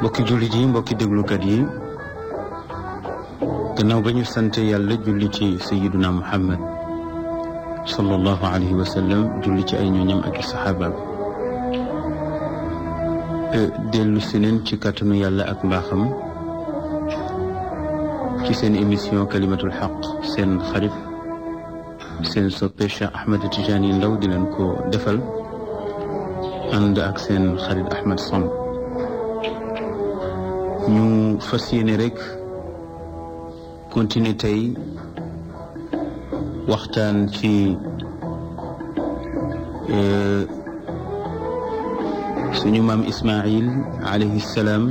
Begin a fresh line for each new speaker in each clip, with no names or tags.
mbokki jullit yi mbokki déglukat yi gannaaw ba ñu sant yàlla julli ci sayiduna muhammad sallallahu alayhi wa sallam julli ci ay ñooñam ak i saxaabaam dellu si neen ci kàttanu yàlla ak mbaaxam ci seen émission kalimatul xaq seen xarit seen soppe Cheikh Ahmed Tidiane ndaw di leen ko defal ànd ak seen xarit ahmad Samb ñu fas yéene rek continuer tey waxtaan ci euh, suñu maam Ismail alayhi salaam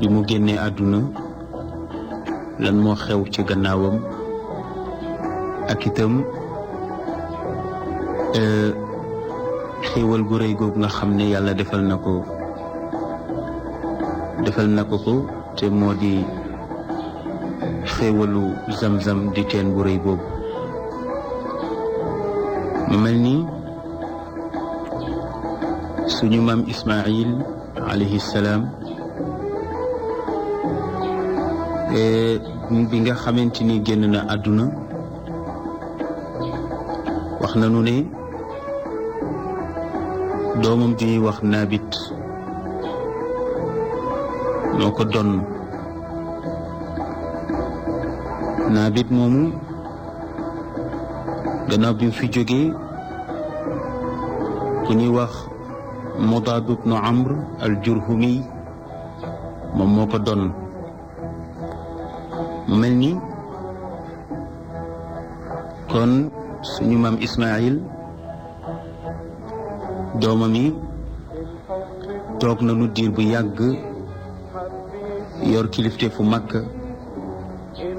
bi mu génnee àdduna lan moo xew ci gannaawam ak itam euh, xéewal gu rëy googu nga xam ne yàlla defal na ko. defal na ko ko te moo di xéewalu zam-zam di teen bu rëy boobu mu mel ni suñu maam Ismaayil alayhi salaam e bi nga xamante ni génn na àdduna wax nañu ne doomam ju ñuy wax naabit ñoo ko donn naabit momu gannaaw bi fi jógee ku wax mudad ibn amr al jurhumi mom moko don melni kon suñu mam ismail domami tok toog nanu diir bu yagg yor kilifte fu makka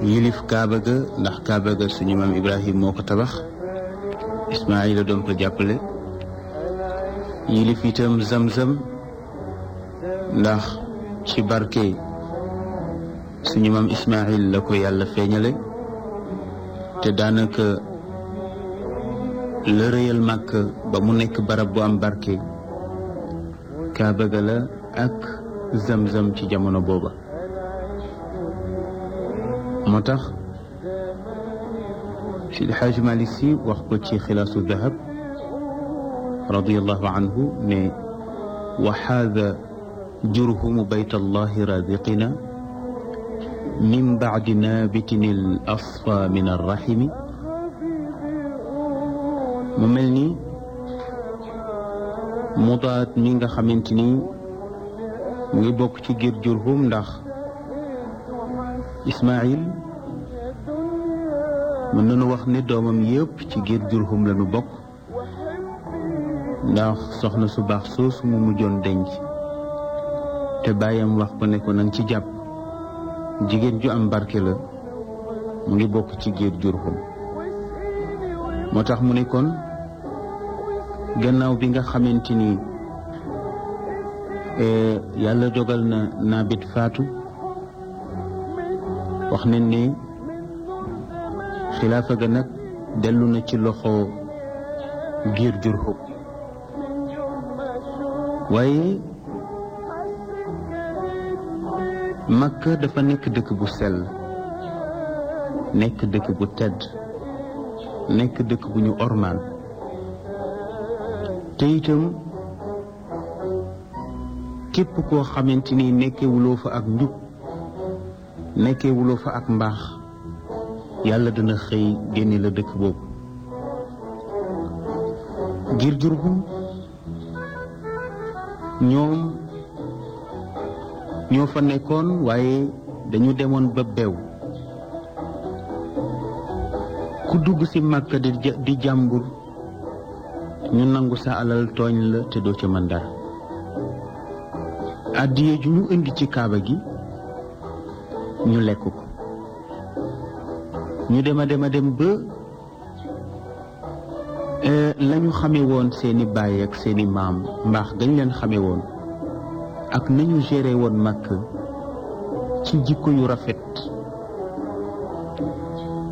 yilif kaaba ga ndax kaaba ga suñu maam Ibrahima moo ko tabax Ismaayila doon ko jàppale yilif itam sëm ndax ci barke suñu maam Ismaayil la ko yàlla feeñale te daanaka la rëyal màkk ba mu nekk barab bu am barke kaaba ga la ak zamzam ci jamono booba motax ci الحاج ماليسي وقت شي خلاص الذهب رضي الله عنه ني وحاذا جرهم بيت الله رازقنا من بعد نابت الأصفى من الرحم مملني مضات ميغا خامتني مي بوك جرهم لخ Ismail, mën nañu wax ne doomam yépp ci giir jurhum lañu bokk ndax soxna su baax soosu mu mujjoon denc te bàyyam wax ko ne ko nang ci jàpp jigéen ju am barke la mu ngi bokk ci jurhum moo mu ne kon gannaaw bi nga xamante ni eh, yàlla dogal na nabit faatu wax nañ ne xilaafa ga nag dellu na ci loxo ngir jurhub waaye makka dafa nekk dëkk bu sell nekk dëkk bu tedd nekk dëkk bu ñu ormaan te itam képp koo xamante ni fa ak njub nekké wulo fa ak mbax yalla dana xey génne la dëkk boobu gir jurbum ñoom ñoo fa nekkon waaye dañu démon ba beew ku dugg ci makka di di ñu nangu sa alal togn la te do ci man dara adiyé ju ñu indi ci kaaba gi ñu lekk ko ñu dem a dem a dem ba euh, la xamewoon seeni baay ak seeni maam mbaax gañ leen xamewoon woon ak nañu géré woon màkk ci jikko yu rafet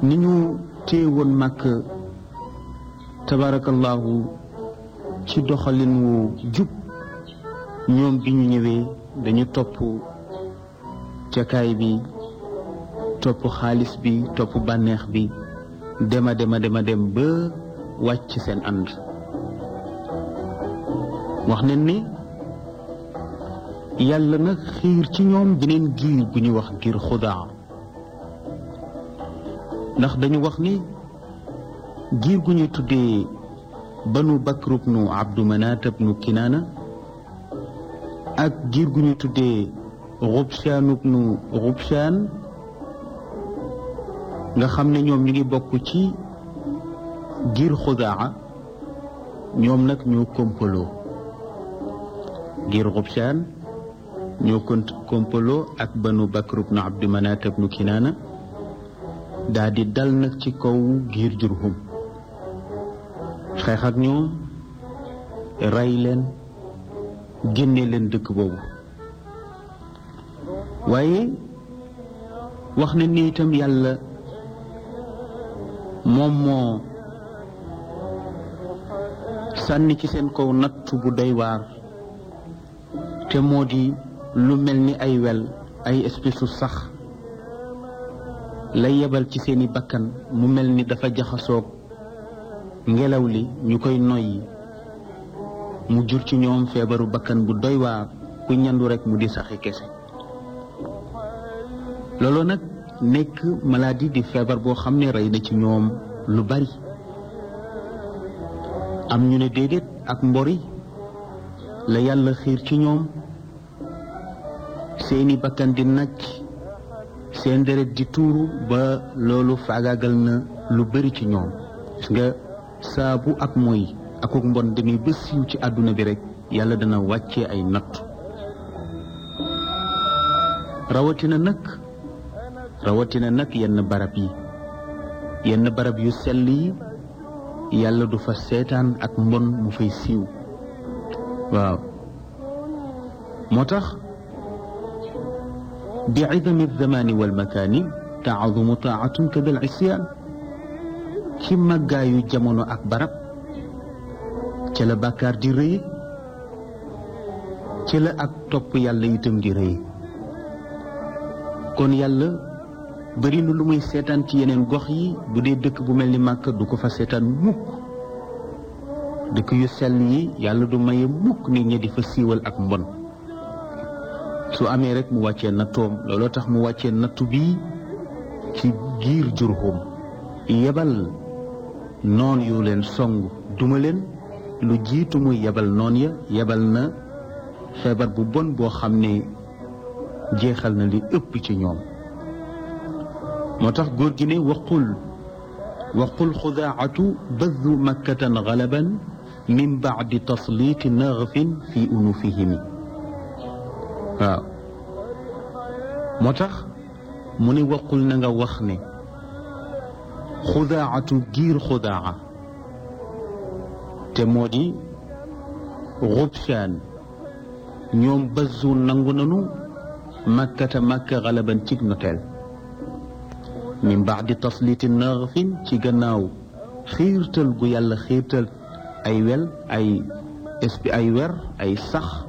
ni ñu téye woon màkk tabaarakallaahu ci doxalin wu jub ñoom bi ñu ñëwee dañu topp jakaay bi topp xaalis bi topp bànneex bi dema dema dema dem ba wàcc seen ànd wax nañ ni yàlla na xiir ci ñoom beneen giir gu ñuy wax giir xudaa ndax dañu wax ni giir gu ñuy tuddee banu bakru bnu abdu manaat bnu kinaana ak giir gu ñuy tuddee xubshaanu bnu xubshaan nga xam ne ñoom ñu ngi bokk ci giir xuzaa ñoom nag ñoo kompaloo giir xubsaan ñoo kont kompaloo ak banu bakr ibnu abdu manaat ibnu kinaana daa di dal nag ci kaw giir jurhum xeex ak ñoom rey leen génne leen dëkk boobu waaye wax na ni itam yàlla Momo, moo sànni ci sen ko nattu bu doy war te modi lu melni ni ay wel ay espèce sax lay yebal ci seni bakkan mu melni ni dafa jaxasoog ngelaw li ñu mu jur ci ñoom febaru bakkan bu doy war ku ñandu rek mu di saxi lolo nak nek maladie di feebar bo xam ray na ci ñoom lu bari am ñu ne déedéet ak mbori la yalla xir ci ñoom seeni bakkan di nacc seen deret di tuuru ba loolu faagaagal na lu bari ci ñoom gis nga saabu ak mooy akuk mbon demee ba siiw ci àdduna bi rek yàlla dana wàccee ay natt rawatina nag rawatina nak yenn barab yi yenn barab yu sell yi yàlla du fa setan ak mbon mu fay siiw waaw moo tax بعظم الزمان والمكان تعظم طاعة كذا العصيان كما جايو جمونو أكبرب كلا بكار دي ري كلا أكتب يالا يتم دي ري كون يالا bari na lu muy setan ci yeneen gox yi bu dee dëkk bu mel ni màkk du ko fa setan mukk dëkk yu sell yi yàlla du maye mukk ni ñi di fa siiwal ak mbon su amee rek mu wàccee nattoom looloo tax mu wàccee nattu bi ci giir jurhum yebal noon yu leen song duma leen lu jiitu muy yebal noon ya yebal na febar bu bon boo xam ne jeexal na li ëpp ci ñoom moo tax góor gi ne waqul waqul xudaacatu baddu makkatan galaban min bacdi tasliiti naxfin fi unufihimi waaw moo tax mu ne waqul na nga wax ne xudaacatu giir xudaaca te moo di xubsaan ñoom bazzu nangu nanu makkata makka galaban cig noteel من بعد تسليط النغفين تيغناو خيرتل جو يالا خيرتل اي ويل اي اس بي اي وير اي صح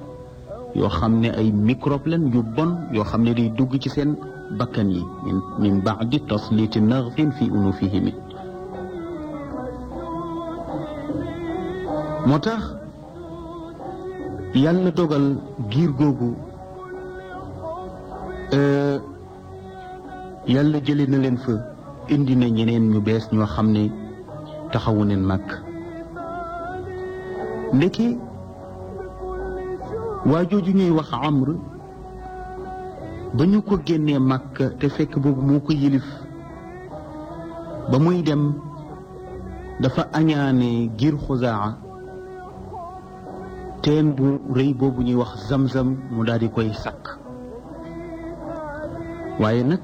يو خامني اي ميكروبلن يوبون يو خامني دي دوغ سي سن بكاني من, من بعد تصليت الناغفين في انوفهم موتاخ يالا توغال غير غوغو yàlla jëlee na leen fa indi na ñeneen ñu bees ñoo xam ne taxawu neen màkk ndeke waa jooju ñuy wax amr ba ñu ko génnee màkk te fekk boobu moo ko yilif ba muy dem dafa añaane giir xuzaa teen bu rëy boobu ñuy wax samsam mu daal koy sakk waaye nag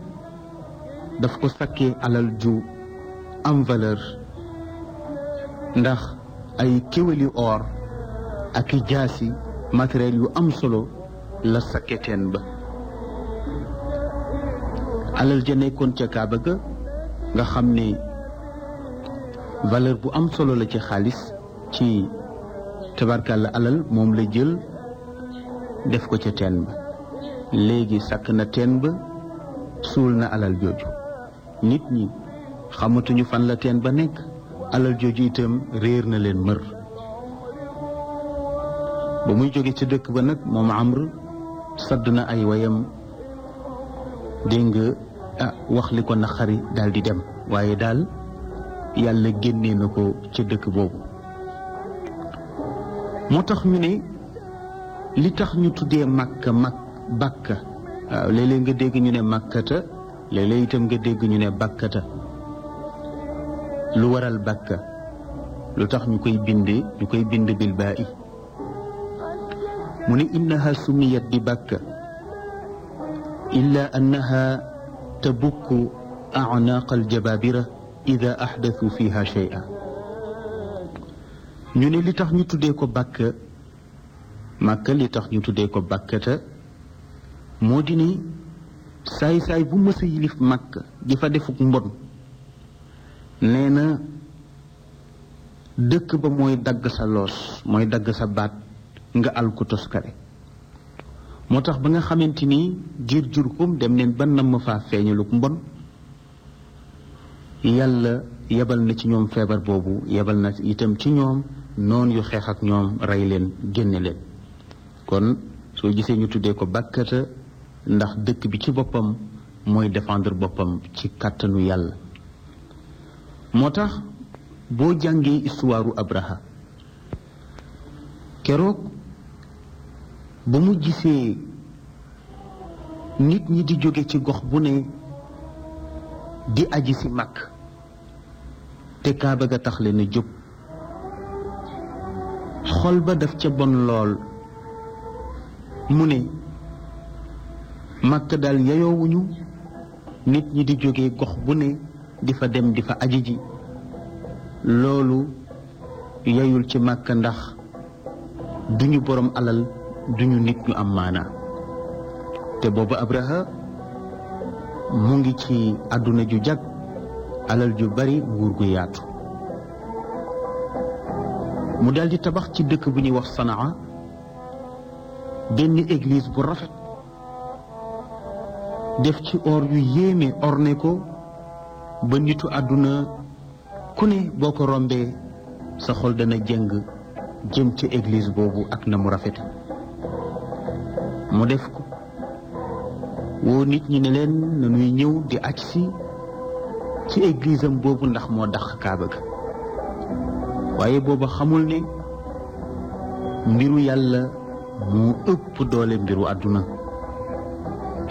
daf ko sakkee alal ju am valeur ndax ay kéwéli or ak jaasi matériel yu am solo la sakke teen ba alal ja nekkoon ca Kaaba ga nga xam ni valeur bu am solo la ci xaalis ci tabarkàlla alal moom la jël def ko ca teen ba léegi sakk na teen ba suul na alal jooju nit ñi xamatuñu fan la teen ba nekk alal jooju itam réer na leen mër ba muy jóge ci dëkk ba nag moom amr sadd na ay wayam dégg nga ah, wax li ko naqari daal di dem waaye daal yàlla génnee na ko ca dëkk boobu moo tax ñu ne li tax ñu tuddee bàkka léeg-léeg nga dégg ñu ne màkkata léeg-léeg itam nga dégg ñu ne bàkkata lu waral bàkka lu tax ñu koy bind ñu koy bind bil baa i mu ne innaha sumiyat bi bàkka illa annaha tabukku acnaaqa aljabaabira ida axdathu fiha shay'a ñu ne li tax ñu tuddee ko bàkka màkka li tax ñu tuddee ko bàkkata moo di ni say say bu mësa yilif makka di fa defuk mbon nee dëkk ba mooy dagg sa loos mooy dagg sa baat nga al ko toskare moo tax ba nga xamante jir jur kum dem neen ba namm faa feeñaluk mbon yàlla yebal na ci ñoom feebar boobu yebal na itam ci ñoom noon yu xeex ak ñoom ray leen génne leen kon soo gisee ñu tuddee ko bakkata ndax dëkk bi ci boppam mooy défendre boppam ci kàttanu yàlla moo tax boo jàngee histoire abraha keroog ba mu gisee nit ñi di jóge ci gox bu ne di aji si mag te tax leen a jóg xol ba daf ca bon lool mu ne makka dal yeyowuñu nit ñi di jóge gox bu ne di fa dem di fa aji ji yeyul ci makka ndax duñu borom alal duñu nit ñu am maana te boobu abraha mu ngi ci àdduna ju jag alal ju bari nguur gu yaatu mu di tabax ci dëkk bu ñuy wax sanaa benn église bu rafet def ci or yu yéeme orne ko ba nitu àdduna ku ne boo ko rombee sa xol dana jëng jëm ci église boobu ak na mu rafet mu def ko woo nit ñi ne leen na nuy ñëw di aj si ci église boobu ndax moo dax kaaba ga waaye booba xamul ne mbiru yàlla mu ëpp doole mbiru àdduna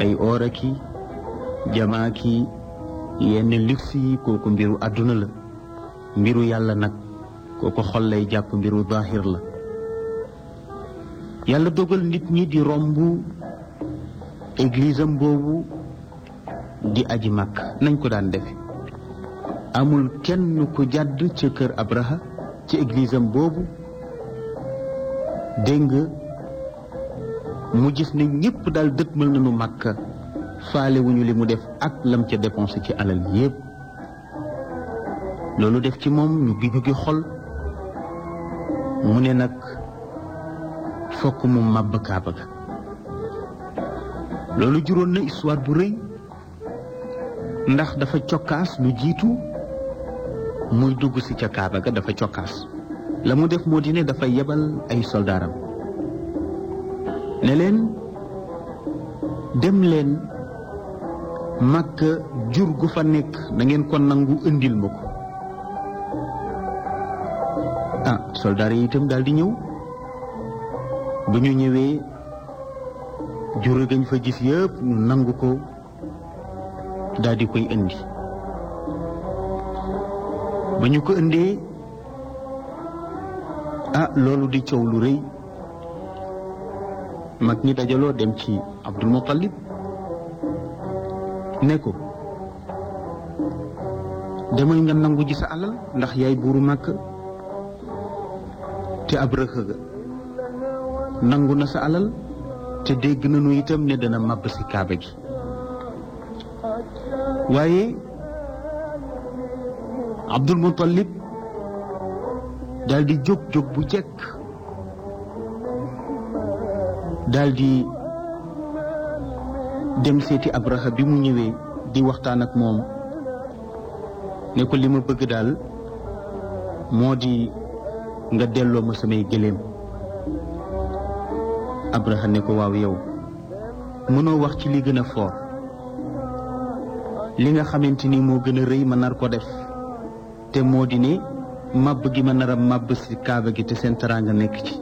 ay oraki jamaaki yenn luxe yi kooku mbiru àdduna la mbiru yàlla nag kooku xol lay jàpp mbiru zahir la yàlla dogal nit ñi di romb église am boobu di aji màkk nañ ko daan defe amul kenn ku jàdd ca kër abraha ci église am boobu dégg nga mu gis ne ñépp daal dëtmal nañu fale faale wuñu li mu def ak lam ca dépensé ci alal yépp loolu def ci moom ñu gi gi xol mu ne nag fokk mu màbb kaaba ga loolu juróon na histoire bu rëy ndax dafa cokkaas lu jiitu muy dugg si ca kaaba ga dafa cokkaas la mu def moo di ne dafa yebal ay soldaaram ne leen dem leen makka jur gu fa nekk da ngeen ko nangu indil ma ah soldari yi itam daal di ñëw bu ñu ñëwee jur gañ fa gis ñu nangu ko daal di koy indi ba ñu ko indee ah loolu di coow lu rëy mag ñi dajaloo dem ci abdul muttalib neko, ko demal nga nangu ji sa alal ndax yaay buuru màkk te ab ga nangu na sa alal te dégg nanu itam ne dana màbb si kaaba gi waaye abdul muttalib daal di jóg jóg bu jekk daldi dem seti abraha bi mu ñëwee di waxtaan ak mom ne ko lima bëgg dal modi nga dello ma samay gëléem abraha ne ko waaw yow mëno wax ci li gëna fort li nga xamanteni mo gëna reuy nar ko def te modi ne gi ma nara a ci kaaba gi te sen nekk ci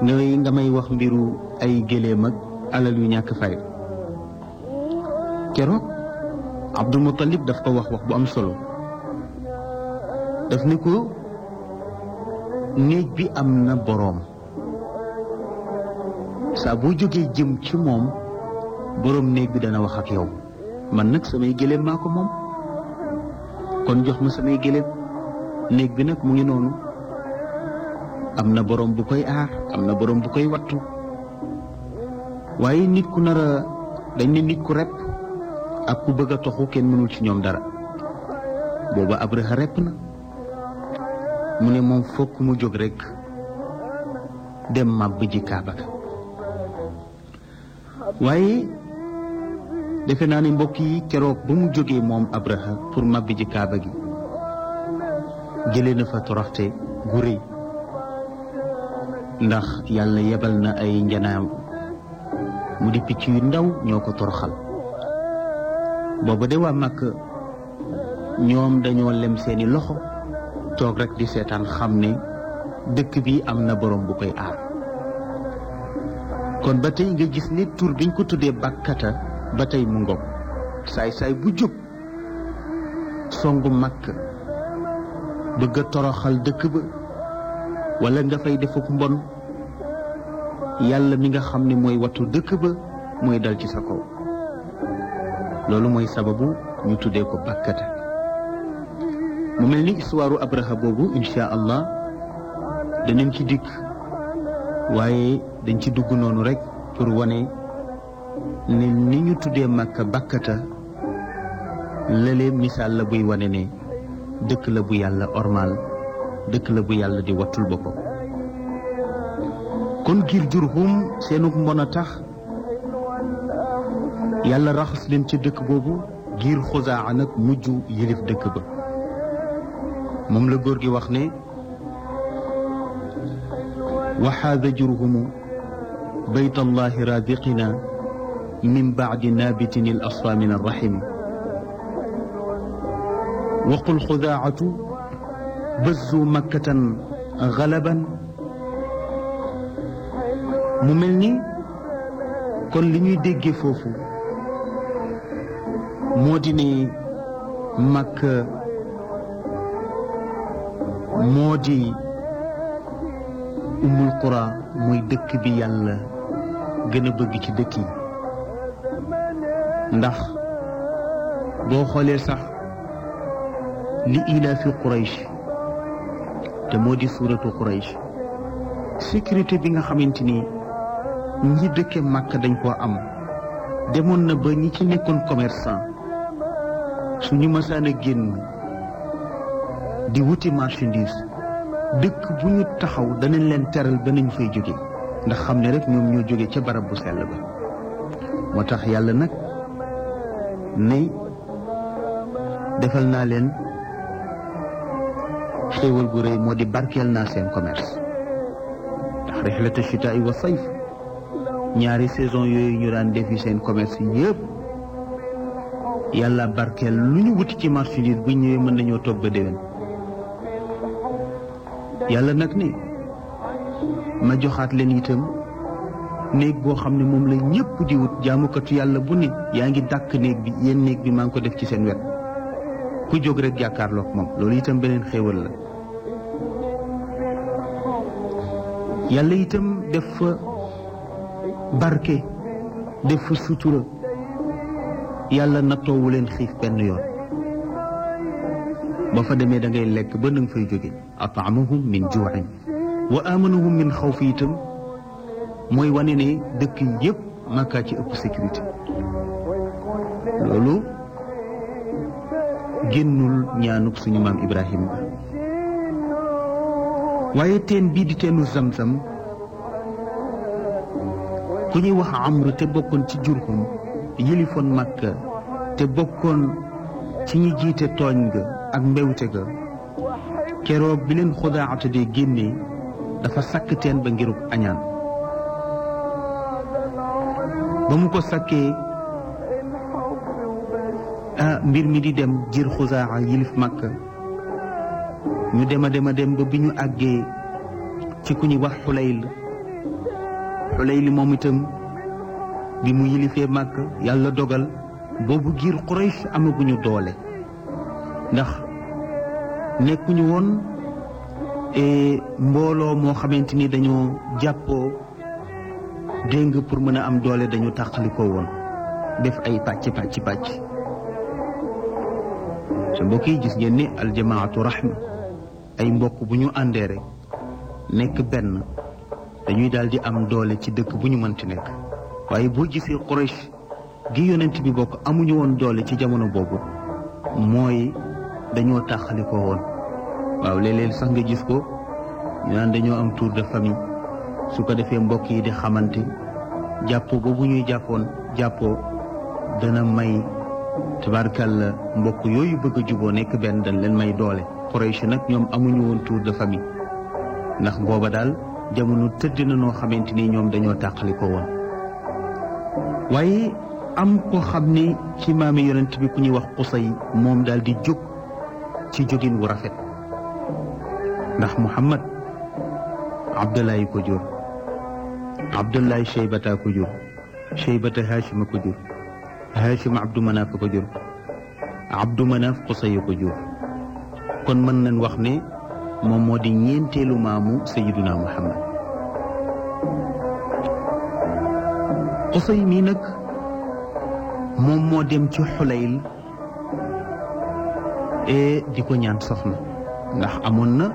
ngay nga may wax mbiru ay gëléem ak alal yu ñak fay kéro abdul mutalib daf ko wax wax bu am solo daf ni neej bi am na boroom jëm ci mom borom néeg bi dana wax ak yow man nak samay gëléem mako mom kon jox ma samay bi nak mu ngi nonu amna borom bu koy aar amna borom bu koy wattu waye nit ku nara a dañ ne nit ku rep ak ku bëgg a toxu kenn mënul ci ñoom dara booba abraha rep na mu ne moom fokk mu jóg rek dem màbb ji kaaba ga waaye defe naa ne mbokk yi keroog ba mu jógee moom abraha pour ji kaaba gi jëlee na fa toroxte gu rëy ndax yàlla yebal na ay njanaaw mu di picc yu ndaw ñoo ko toroxal booba de waa màkk ñoom dañoo lem seeni loxo toog rek di seetaan xam ne dëkk bi am na borom bu koy aar kon ba tey nga gis ne tur biñ ko tuddee bàkkata ba tey mu ngom saay-saay bu songu màkk bëgg toroxal dëkk ba wala nga fay defuk mbon yàlla mi nga xam ne mooy wattu dëkk ba mooy dal ci sa kaw loolu mooy sababu ñu tuddee ko bakkata mu mel ni histoire abraha boobu insha allah danañ ci dikk waaye dañ ci dugg noonu rek pour wane ne ni ñu tuddee màkka bàkkata lële misaal la buy wane ne dëkk la bu yàlla ormal dëkk la bu yàlla di wattul boppam kon ngir jurhum seenug mbon a tax yàlla raxas leen ci dëkk boobu ngir xuzaa nag mujj yilif dëkk ba moom la góor gi wax ne waxaada jurhumu bayt allahi raziqina min baadi naabitin il asfa min arrahimi waqul xudaacatu bazu makkatan galaban mu mel ni kon li ñuy déggee foofu moo di ne mag moo di umul qura muy dëkk bi yàlla gën a bëgg ci dëkk yi ndax boo xoolee sax li ilaa fi te moo di suuratu quraysh sécurité bi nga xamante ni ñi dëkke màkk dañ koo am demoon na ba ñi ci nekkoon commerçant suñu masaan a génn di wuti marchandise dëkk bu ñu taxaw danañ leen teral ba nañ fay jóge ndax xam ne rek ñoom ñoo jóge ca barab bu sell ba moo tax yàlla nag ne defal naa leen xéewal gu rëy moo di barkeel naa seen commerce ndax rixlata chitaa'i wa sayf ñaari saison yooyu ñu daan defi seen commerce yépp yàlla barkeel lu ñu wuti ci marchandise bu ñëwee mën nañoo toog ba déwén yàlla nag ne ma joxaat leen itam néeg boo xam ne moom la ñépp di wut jaamukatu yàlla bu ne yaa ngi dàkk néeg bi yéen néeg bi maa ngi ko def ci seen wet ku jóg rek jàkkaarloog moom loolu itam beneen xéewal la yàlla itam def fa barke def fa sutura yàlla nattoowu leen xiif benn yoon ba fa demee da ngay lekk ba na nga fay jóge ataamahum min juuin wa amanahum min xawf itam mooy wane ne dëkk yëpp Makka ci ëpp sécurité loolu génnul ñaanuk suñu maam Ibrahima waaye teen bii di teenu Zamzam ku ñuy wax amru te bokkoon ci jurhum yilifoon makka te bokkoon ci ñi jiite tooñ ga ak mbewte ga keroog bi leen xudaata di génne dafa sakk teen ba ngirub añaan ba mu ko sakkee mbir mi di dem jir xusaa yilif màkk ñu dema dema dem ba bi ñu àggee ci ku ñuy wax xulayl Xulayli mitem itam bi mu yilife mak yalla dogal bobu gir Quraysh ñu doole ndax ñu won e mbolo mo xamanteni dañu jappo deng pour mëna am doole dañu takaliko won def ay pàcc pàcc pàcc sa mbokki gis ngeen ni jamaatu rahma ay mbokk bu ñu rek dañuy daal di am doole ci dëkk bu ñu mënti nekk waaye boo gisee Quraysh gi yonent bi bokk amuñu woon doole ci jamono boobu mooy dañoo tàqali ko woon waaw léeg-léeg sax nga gis ko ñu naan dañoo am tour de famille su ko defee mbokk yi di xamante jàppoo boobu ñuy jàppoon jàppoo dana may tabarkal mbokk yooyu bëgg a juboo nekk benn dañ leen may doole Quraysh nag ñoom amuñu woon tour de famille ndax booba daal jamono tëdd na noo xamante ni ñoom dañoo tàqali ko woon waaye am ko xam ne ci maami yonent bi ku ñuy wax qusay moom daal di jóg ci jógin wu rafet ndax muhammad abdullahi ko jur abdullahi cheybata ko jur cheybata hachima ko jur hachima abdou manaf ko jur abdou manaf qusay ko jur kon mën nañ wax ne moom moo di ñeenteelu maamu sayiduna muhammad xusay mii nag moom moo dem ci xulayl e di ko ñaan soxna ndax amoon na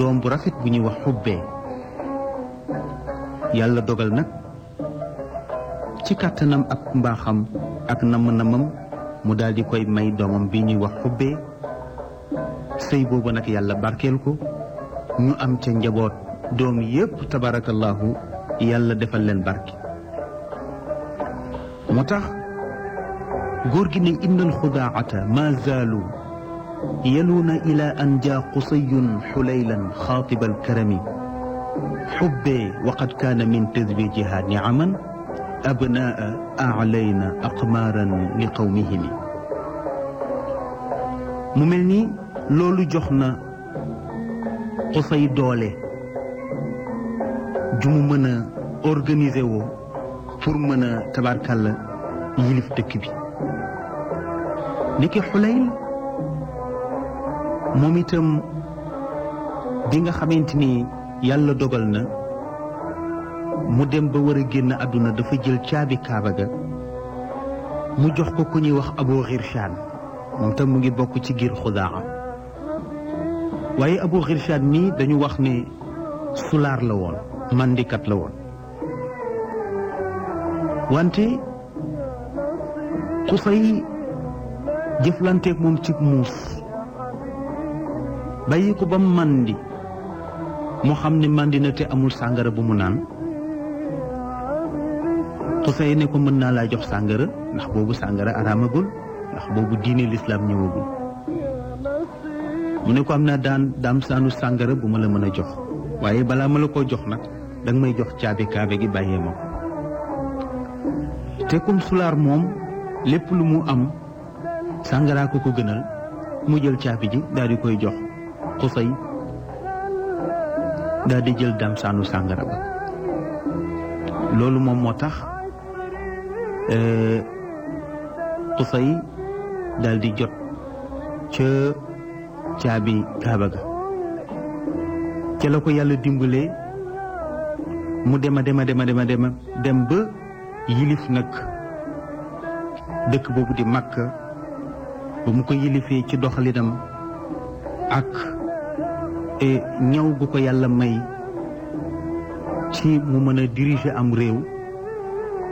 doom bu rafet bu ñuy wax xubbee yàlla dogal nag ci kàttanam ak mbaaxam ak namm-namam mu daal di koy may doomam bi ñuy wax xubbee sëy boobu nag yàlla barkeel ko ñu am ca njaboot doom yépp tabarakallahu yàlla defal leen barke moo tax góor gi ne innal alxudaacata ma zaalu yaluuna ila an jaa qusayun xulaylan xaatiba alkarami xubbee waqad kaana min tazwijiha nicaman abnaa aclayna aqmaaran li qawmihimi mu mel nii loolu jox na xusay doole ju mu mën a organiser woo pour mën a tabarkàlla yilif dëkk bi niki xulayl moom itam bi nga xamante ni yàlla dogal na mu dem ba war a génn àdduna dafa jël caabi kaaba ga mu jox ko ku ñuy wax Abu Xirshaan moom tam mu ngi bokk ci giir Xudaa waye abu khirshad mi dañu wax ni sular la won mandikat la Wanti, wante jeflante ak mom ci muus bàyyi ko bam mandi mo xamni mandi na te amul sangara bu mu naan xusay ne ko mën na la jox sangara ndax sangara arama gul ndax bobu diine l'islam ñewugul mu ne ko am naa daan daam saanu sàngara bu ma la mën a jox waaye balaa ma la ko jox nag may jox caabi kaabe gi bàyyee ma te kum sulaar moom lépp lu mu am sàngaraa ko ko gënal mu jël caabi ji daal di koy jox xusay daal di jël daam saanu sàngara ba loolu moom moo tax xusay eh, daal di jot ca caabi ca la ko yàlla dimbalee mu dema dema dema dem ba yilif nag dëkk boobu di Makka ba mu ko yilifee ci doxalinam ak e ñaw gu ko yàlla may ci mu mën a diriger am réew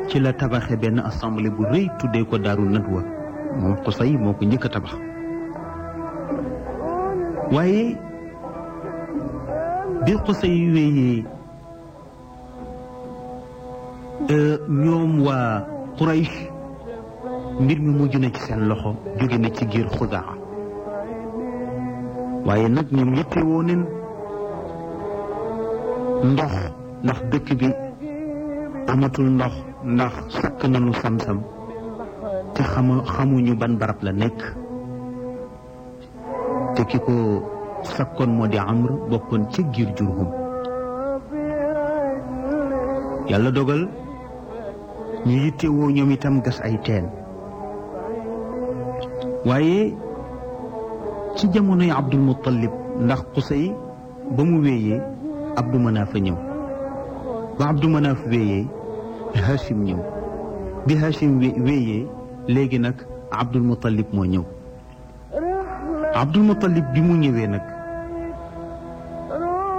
ci la tabaxe benn assemblée bu rëy tuddee ko Daaru Nadwa moom Xusay moo ko njëkk a tabax waaye bi xusay wéyee euh, ñoom waa Quraysh mbir mi mujj na ci seen loxo jóge na ci giir xudaa waaye nag ñoom yëppe woo nen ndox ndax dëkk bi amatul ndox ndax sakk nañu sam-sam te xama xamuñu ban barab la nekk te ki ko sakkoon moo di amr bokkoon ca giir jurhum yàlla dogal ñu yitte woo ñoom itam gas ay teen waaye ci jamonoy Abdul Muttalib ndax Qusay ba mu wéyee Abdu Manaaf a ñëw ba Abdu Manaaf wéyee Hashim ñëw bi Hashim wéyee léegi nag Abdul Muttalib moo ñëw abdul muttalib bi mu ñëwee nag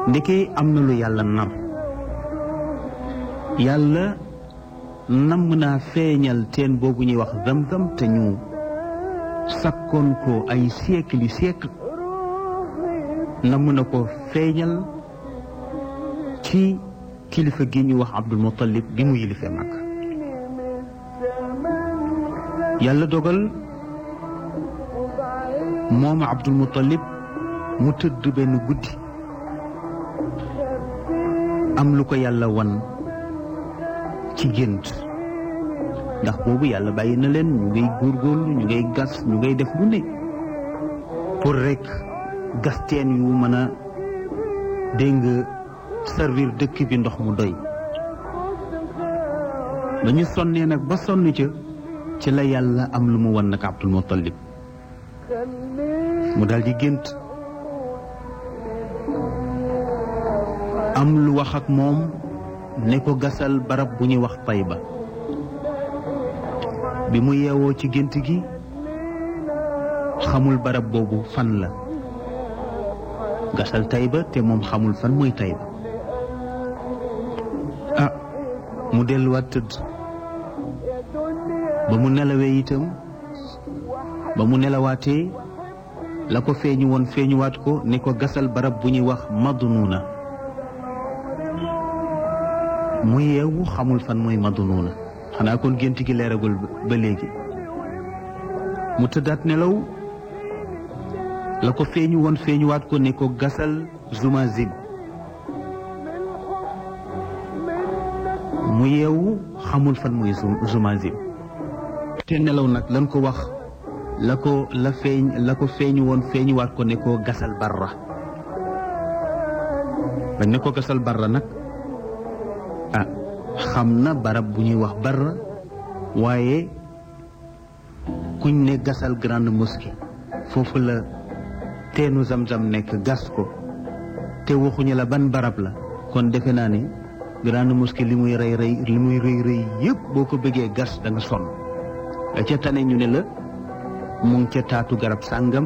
ndeke am na lu yàlla nam yàlla nam naa feeñal teen boobu ñuy wax dam-dam te ñu sakkoon ko ay siècle siècle nam na ko feeñal ci kilifa gi ñu wax abdul muttalib bi mu yilifee mag yàlla dogal mooma Abdul Muttalib mu tëdd ben guddi am lu ko yalla wan ci gént ndax bobu yalla bàyyi na len ñu ngay gor ñu ngay gas ñu ngay def lu ne pour rek gas yu mën deng servir dekk bi ndox mu doy dañu sonné nak ba ci ci la yalla am lu mu wan nak Abdul Muttalib mu daal di gént am lu wax ak moom ne ko gasal barab bu ñuy wax ba bi mu yeewoo ci gént gi xamul barab boobu fan la gasal Tayba te moom xamul fan mooy Tayba ah mu delluwaat tëdd ba mu nelawee itam ba mu nelawaatee la ko feeñu woon feeñuwaat ko ni ko gasal barab bu ñuy wax madunuuna mu yeewu xamul fan mooy madunuuna xanaa kon gént gi leeragul ba léegi mu tëddaat nelaw la ko feeñu woon feeñuwaat ko ni ko gasal zumazib mu yeewu xamul fan mooy zumazib te nelaw nag lan ko wax lako la feñ lako feñ won feñ wat ko ne ko gasal barra bañ ne ko gasal barra nak? ah xamna barab bu ñuy wax barra waaye kuñ ne gasal grande mosquée fofu la teenu zamzam nek gas ko te ñu la ban barab la kon defena ni grande mosquée limuy ray ray limuy ray ray yeb boko gas da nga son ci tane ñu ne la mungi ca taatu garab sàngam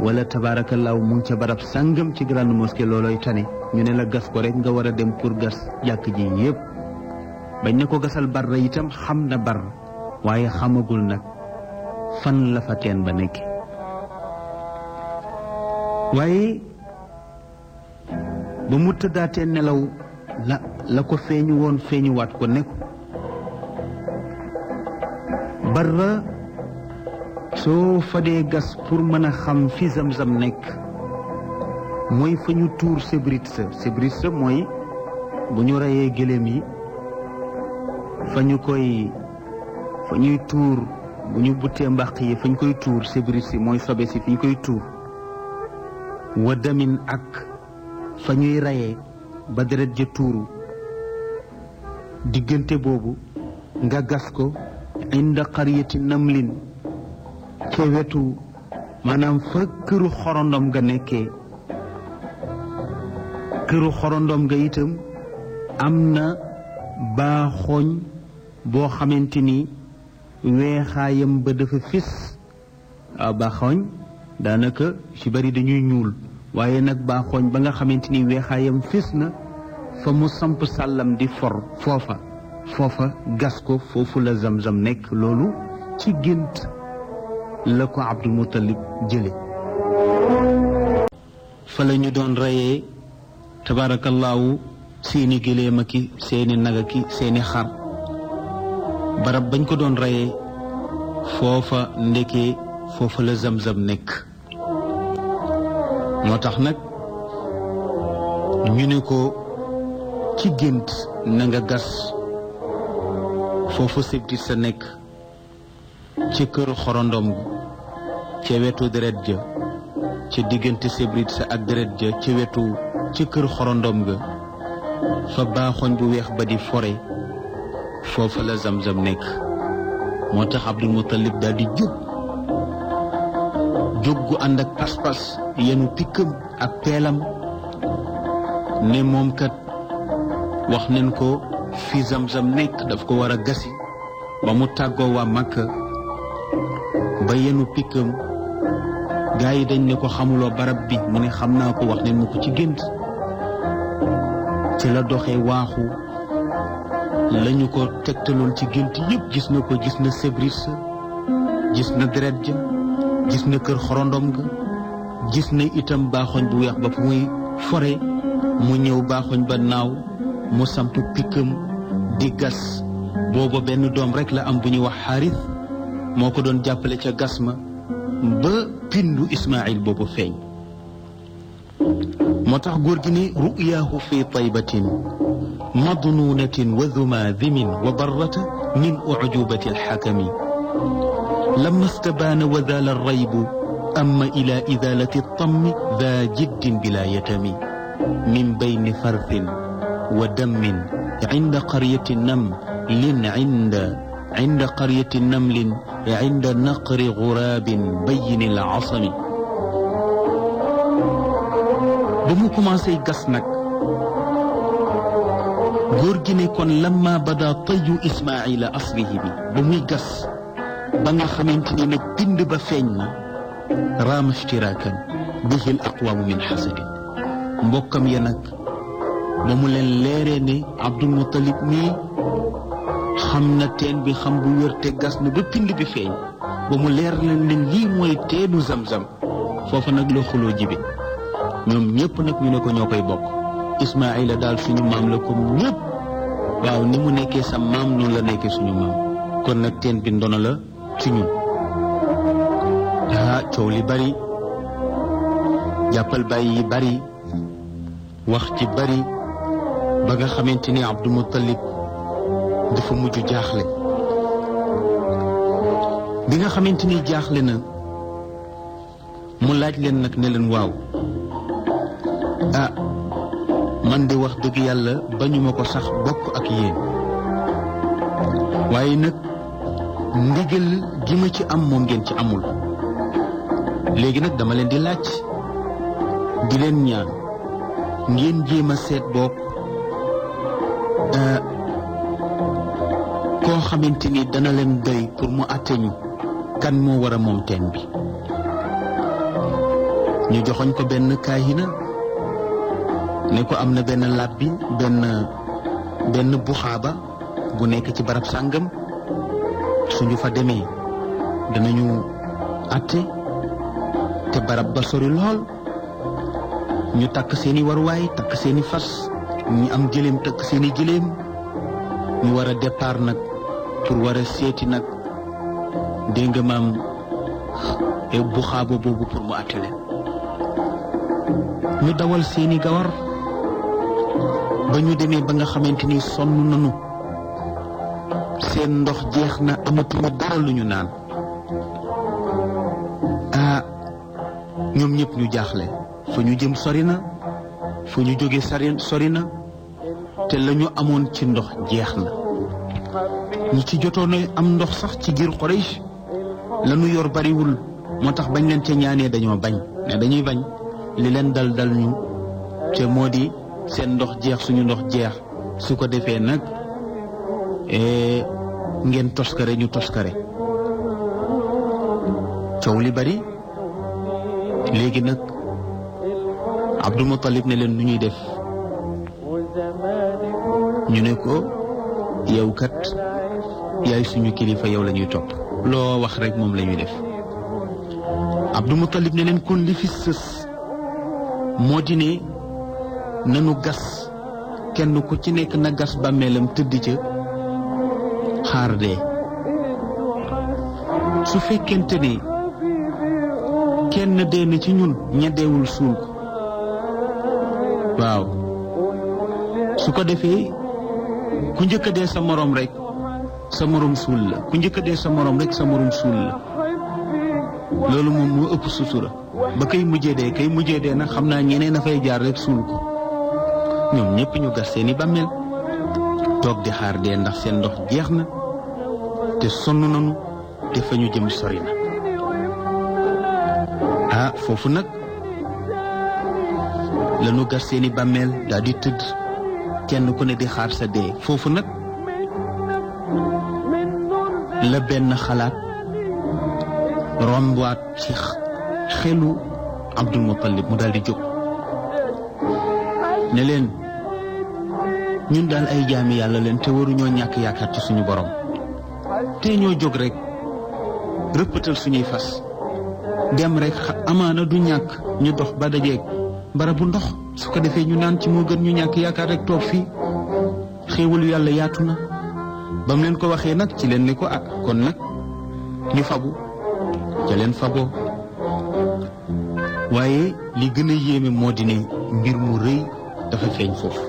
wala tabaarakallaahu mu ngi ca barab sàngam ci grande mosquée looloy tane ñu ne la gas ko rek nga war a dem pour gas jàkk ji yëpp bañ ne ko gasal barra itam xam na bar waaye xamagul nag fan la fa teen ba nekk waaye ba mu tëddaatee nelaw la la ko feeñu woon feeñuwaat ko nekk barra soo fa dee gas pour mën a xam fi zam-zam nekk mooy fa ñu tuur sébrit sa sébrit sa mooy bu ñu reyee gëléem yi fa ñu koy ñuy tuur bu ñu buttee mbàq yi fa ñu koy tuur sébrit si mooy sobe si fi ñu koy tuur wa damin ak fa ñuy reyee ba deret ja tuuru diggante boobu nga gas ko inda qariyati namlin ca wetu maanaam fa këru xorondom nga nekkee këru xorondoom nga itam am na baaxooñ boo xamante ni weexaayam ba dafa fis waaw baaxooñ daanaka ci bari dañuy ñuul waaye nag baaxoñ ba nga xamante ni weexaayam fis na fa mu samp sàllam di for foofa foofa gas ko foofu la zamzam nekk loolu ci gént la ko Abdul Muttalib jële fa la ñu doon reyee tabaarakallaahu seeni gëléem a ki seeni nag a ki seeni xar barab bañ ko doon reyee foofa ndekee foofa la zamzam nekk moo tax nag ñu ne ko ci gént na nga gas foofa sëbtit sa nekk ci kër xorondom gi ca wetu deret ja ci diggante sébrit sa ak deret ja ci wetu ci kër xorondom ga fa baaxoñ bu weex ba di fore foofa la zamzam nekk moo abdul mutalib daal di jóg jóg gu ànd ak pas-pas yenu pikkam ak peelam ne moom kat wax nen ko fi zamzam nekk daf ko war a gasi ba mu tàggoo waa makka ba yenu pikkam gaa yi dañ ne ko xamuloo barab bi mu ne xam naa ko wax leen ma ko ci gént ci la doxee waaxu lañu ko tegtaloon ci gént yépp gis na ko gis na sébris gis na deret ja gis na kër xorondom ga gis na itam baaxoñ bu weex ba fu muy fore mu ñëw baaxoñ ba naaw mu samp pikkam di gas booba benn doom rekk la am bu ñuy wax xaaris moko don jappelé jàppale ca gas ba pindu ismail bobu feñ motax gor góor gi ne ru'yaahu fi taybatin madnunatin wa dhumaadhimin wa darrata min u'jubati al alxakami لما استبان وذال الريب أما إلى إذالة الطم ذا جد بلا يتم من بين فرث ودم عند قرية النم لن عند عند قرية نمل عند نقر غراب بين العصم بموكما سي قسنك غورجيني كون لما بدا طي إسماعيل أصله بي بمي قس بنا خمينتني نبند بفين رام اشتراكا به الأقوام من حسد بكم ينك بمولن ليريني عبد المطلب مي xam na teen bi xam bu wér te gas na ba pind bi feeñ ba mu leer na ne lii mooy teenu zamzam foofa nag la xuloo jibi ñoom ñépp nag ñu ne ko ñoo koy bokk ismaila daal suñu maam la ko ñépp waaw ni mu nekkee sa maam noonu la nekkee suñu maam kon nag teen bi ndona la ci ñun ah coow li bari jàppal bàyyi yi bari wax ci bari ba nga xamante ni abdou muttalib dafa mujj jaaxle bi nga xamante ni jaaxle na mu laaj leen nag ne leen waaw ah man di wax dëgg yàlla bañu ma ko sax bokk ak yéen waaye nag ndigal gi ma ci am moom ngeen ci amul léegi nag dama leen di laaj di leen ñaan ngeen jéem a seet ah, xamanteni dana leen doy pour mu atteñu kan moo war a moom teen bi ñu joxoñ ko benn kaahina ne ko am na benn labbi benn benn buxaaba bu nekk ci barab sàngam suñu fa demee danañu atte te barab ba sori lool ñu takk seeni warwaay takk seeni fas ñu am gëléem takk seeni gëléem ñu war a départ nag pour wara séti nak dénga mam nga e bu xaaba bobu pour mu àtte ñu dawal seeni gawar ba ñu démé ba nga xamanteni sonu nañu nanu seen ndox jeexna amatu ñu dara lu ñu naan ah ñom ñep ñu jaxlé fu ñu jëm sorina na ñu joggé na lañu la ci ndox jeexna ñi ci jotone am ndox sax ci giir quraish lanu yor bariwul wul motax bañ leen ci ñaanee dañu bañ ne dañuy bañ li leen dal dal ñu ci modi seen ndox jeex suñu ndox jeex su ko nak e eh, ngeen toskare ñu toskare bari léegi nak abdul Muttalib ne leen def ñu ne ko yow kat yaay suñu kilifa yow lañuy top lo wax rek mom lañuy def abdou mutalib ne leen kon li fi seus modi ne nañu gas kenn ku ci nekk na gas bàmmeelam tëdd ca xaar dee su fekkente ne kenn dee na ci ñun ña deewul suul ko waaw su ko defee ku njëkk dee sa morom rek sa morom sul ku ñëk sul, sa morom rek sa morom sul lolu mom mo ëpp sutura ba kay mujjé dé kay mujjé dé nag xamna naa na fay jaar rek sul ko ñom ñëpp ñu tok di xaar dé ndax seen ndox jeexna na sonu nañu té fañu jëm sorina ha fofu nak nag lañu gas seeni bàmmeel da di tëdd kenn ku ne di xaar sa dé fofu nak la benn xalaat rombaat ci xelu abdul muttalib mu daal di jóg ne leen ñun daal ay jaami yàlla leen te waruñoo ñàkk yaakaar ci suñu borom te ñoo jóg rek rëppatal suñuy fas dem rek amaana du ñàkk ñu dox ba dajeeg barabu ndox su ko defee ñu naan ci moo gën ñu ñàkk yaakaar rek toog fii xéewalu yàlla yaatu na ba leen ko waxee nag ci leen ni ko ah kon nag ñu fabu ca leen faboo waaye li gën a yéeme moo di ne mbir mu rëy dafa feeñ foofu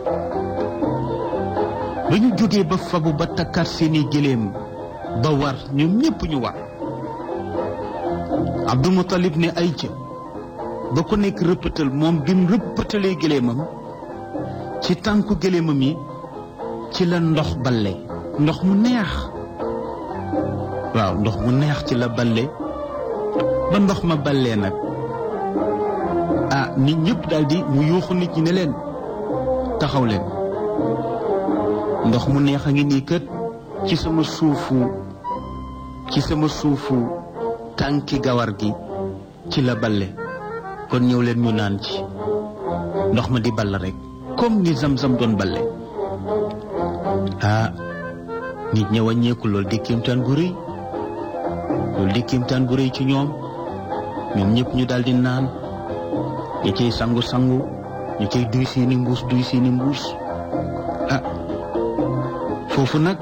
ba ñu jógee ba fabu ba takkaat seeni géléem ba war ñoom ñépp ñu war abdul mutalib ne ay ca ba ko nekk rëppatal moom bi rëppatalee géléemam ci tànku géléemam yi ci la ndox balle ndox mu neex waaw ndox mu neex ci la balle ba ndox ma balle nag ah nit ñëpp di mu yuuxu nit ñi ne leen taxaw leen ndox mu neex a ngi nii kët ci sama suufu ci sama suufu tànki gawar gi ci la balle kon ñëw leen ñu naan ci ndox ma di ball rek comme ni zamzam doon balle ah nit ña wàññeeku loolu di kéemtaan gu rëy loolu di kéemtaan gu rëy ci ñoom ñoom ñëpp ñu dal di naan ña cay sangu-sangu ña cay duy seeni mbuus duy seeni mbuus ah foofu nag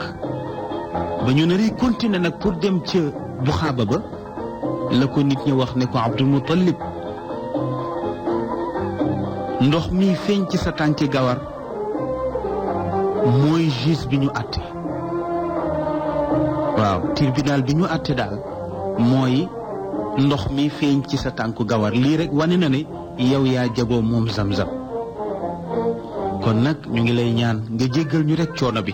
ba ñu naree continuer nag pour dem buxaaba ba la ko nit ñi wax ne ko abdul mutallib ndox mi feeñ ci sa tànki gawar mooy binyu bi ñu waaw tribunal bi ñu àtte daal mooy ndox mi feeñ ci sa tànku gawar lii rek wane na ne yow yaa jagoo moom zamzam kon nag ñu ngi lay ñaan nga jéggal ñu rek coono bi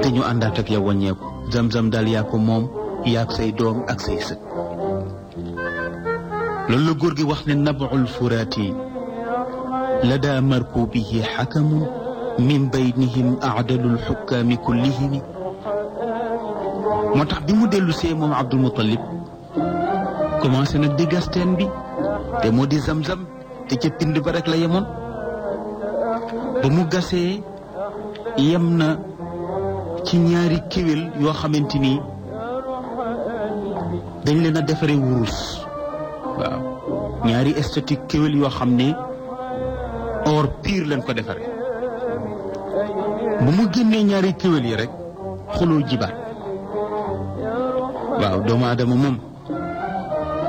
te ñu àndaat ak yow wàññeeku zamzam daal yaa ko moom yaag say doom ak say sët loolu la góor gi wax ne nabul furaati لدى مركوبه حكم من motax bi mu delu mom abdul mutallib commencé na di bi te modi zamzam te ci pind ba rek la yemoon ba mu gassé yemna ci ñaari kewel yo xamanteni dañ leena défaré wurus waaw ñaari esthétique kewel yo xamné or pire lañ ko défaré bu mu génné ñaari kewel yi rek xolo jibat waaw doomu adama moom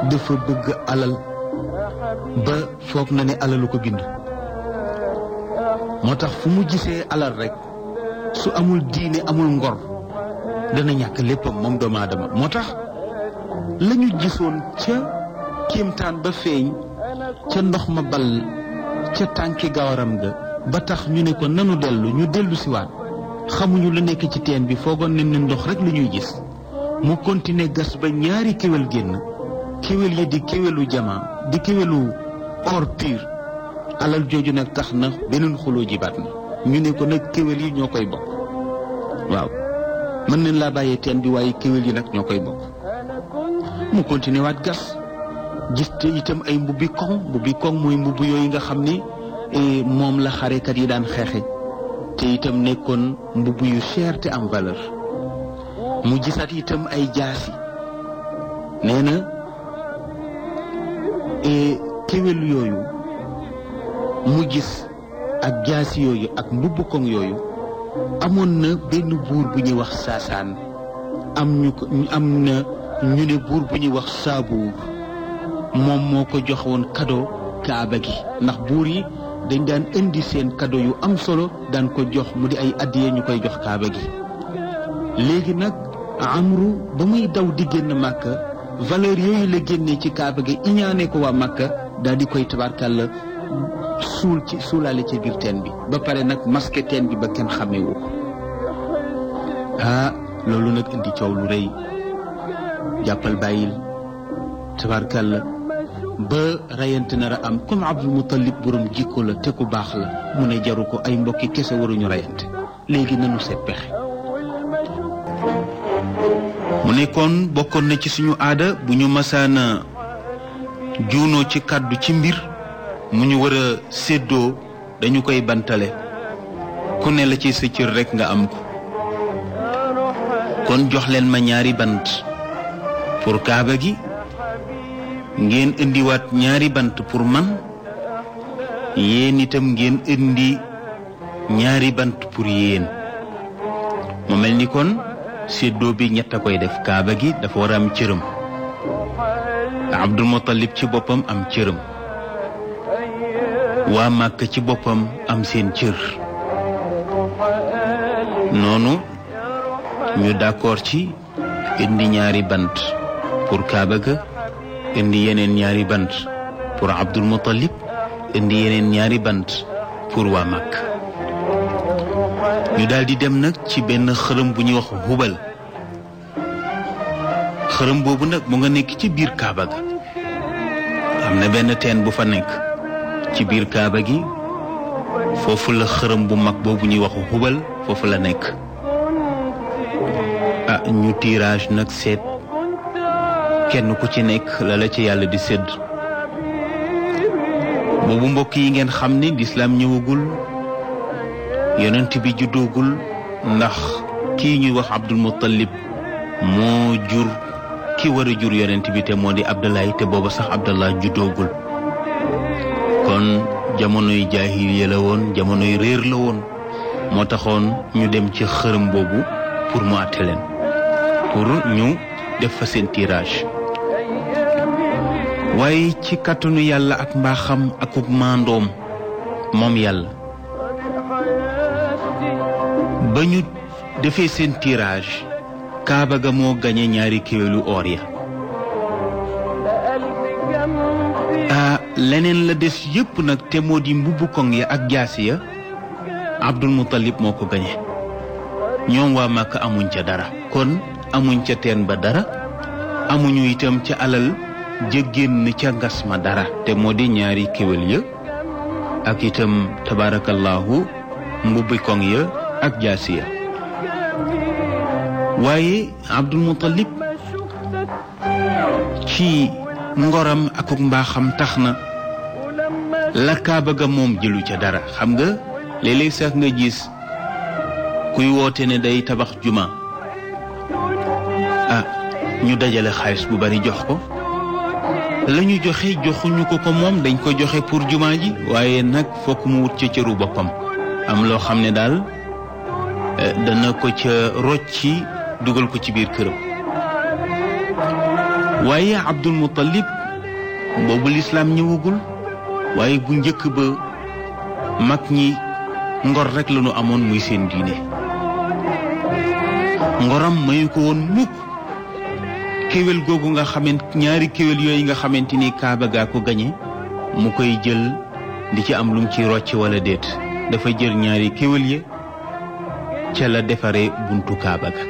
dafa bëgg alal ba foog na ne alalu ko bind moo fu mu gisee alal rek su amul diine amul ngor dana ñàkk léppam moom doomu adama moo tax la ñu gisoon ca kéemtaan ba feeñ ca ndox ma bal ca tànki gawaram ga ba tax ñu ne ko nanu dellu ñu dellu waat xamuñu lu nekk ci teen bi foogoon ne ndox rek la gis mu continuer gas ba ñaari kewel genn kewel yi ya di kewelu jama di kewelu or pur alal jooju nag tax na beneen xuloo jibaat na ñu ne ko nag kewel yi ñoo koy bokk waaw mën nañ laa bàyyee teen bi waaye kewel yi nag ñoo koy mu waat gas gis te itam ay mbubbi koŋ mbubbi koŋ mooy mbubb yooyu nga xam e moom la xarekat yi daan xeexe te itam nekkoon mbubb yu cher te am valeur mu gisaat itam ay jasi, nee e kéwél yooyu mu gis ak jaasi yooyu ak mbubb koŋ yooyu na benn bu wax am ñu am na ñu ne buur bu ñuy wax saabuur moom moo ko jox kado kaaba gi ndax buur yi dañ daan indi seen kado yu am solo daan ko jox mu di ay addiye ñu koy jox kaaba gi nag amru ba muy daw di génn màkka valeur yooyu la génnee ci kaaba gi iñaane ko waa màkka daal di koy la suul ci suulaale ci biir teen bi ba pare nag masque teen bi ba kenn xamewu ko ah loolu nag indi coow lu rëy jàppal bàyyil tabarkàlla ba rayante nar a am comme Abdul Muttalib borom jikko la te ku baax la mu ne jaru ko ay mbokki kese waruñu rayante léegi nanu seet mu ne kon bokkoon na ci suñu aada bu ñu masaana juunoo ci kaddu ci mbir mu ñu war dañu koy bantale ku ne la ci sa rek nga am ko kon jox leen ma ñaari bant pour kaaba gi ngeen indiwaat ñaari bant pour man yéen itam ngeen indi ñaari bant pour yéen mu mel kon séddoo bi ñett a koy def kaaba gi dafa war am cërëm Abdul Muttalib ci boppam am cërëm waa Màkka ci boppam am seen cër noonu ñu d'accord ci indi ñaari bant pour kaaba ga indi yeneen ñaari bant pour Abdul Muttalib indi yeneen ñaari bant pour waa Màkka ñu di dem nag ci benn xërëm bu ñuy wax hubal xërëm boobu nag mu nga nekk ci biir kaaba ga am na benn bu fa nekk ci biir kaaba gi foofu la xërëm bu mag ñuy wax hubal la nekk ah ñu tirage nag seet kenn ku ci nekk la la ci yàlla di sédd boobu mbokk yi ngeen يننت بي جدوغل نخ كي ني وخ عبد المطلب مو جور كي وري جور يننت بي تي مودي عبد الله تي بوبا صاح عبد الله جدوغل كون جامونو جاهليه لا وون جامونو رير لا وون مو تاخون ني ديم سي خرم بوبو pour mu atelen pour ñu def fa sen tirage way ci katunu yalla ak mbaxam ak mandom mom yalla bañu ñu sen tirage kaba ga mo gagné ñaari kewelu or ya ah leneen la dess yépp nak té modi mbubu kong ya ak jaasi ya abdul mutalib moko gagné ñom wa waa amuñ ca dara kon amuñ ca ten ba dara amuñu itam ca alal jeggen ni ca ngas ma dara té modi ñaari kewel ya ak itam tabarakallahu mbubu kong ya ak waye Abdul Muttalib, ci ngoram ak mbaaxam tax na la ka ga mom jëlu ci dara xam nga léeg sax nga gis kuy woote ne day tabax juma ah ñu dajale xaliss bu bari jox ko lañu joxe joxuñu ko ko mom dañ ko joxe pour juma ji waaye nak fokk mu wut ci ru bopam am lo dal dana ko ca rocci dugal ko ci biir këram waaye abdul muttalib boobu lislaam ñëwagul waaye bu njëkk ba mag ñi ngor rek lañu amoon muy seen diine ngoram mayu ko woon mukk kéwél googu nga xamant ñaari kéwél yooyu nga xamante ni kaaba gaa ko gañe mu koy jël di ci am lum ci rocc wala déet dafa jël ñaari kéwél ya ca la defaree buntu kaaba ga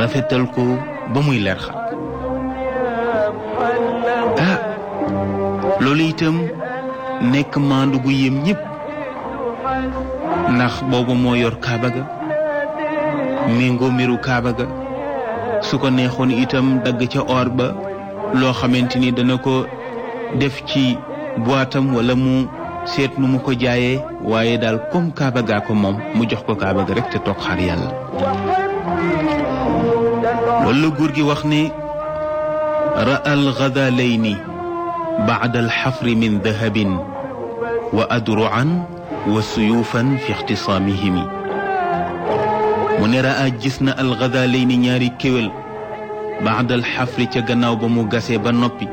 rafetal ko ba muy leer xam ah loolu itam nekk maandu gu yem ñëpp ndax boobu moo yor kaaba ga méngoo mbiru kaaba ga su ko neexoon itam dagg ca or ba loo xamante ni dana ko def ci boitam wala mu seet nu mu ko jaayee waaye daal comme kaaba gaa ko moom mu jox ko kaaba ga rek te toog xaar yàlla loolu la góor gi wax ni ra'a alghadalayni بعد الحفر من ذهب وأدرعا وسيوفا في اختصامهم من رأى جسنا الغذالين نياري كويل بعد الحفر تغناو بمو غاسي بنوبي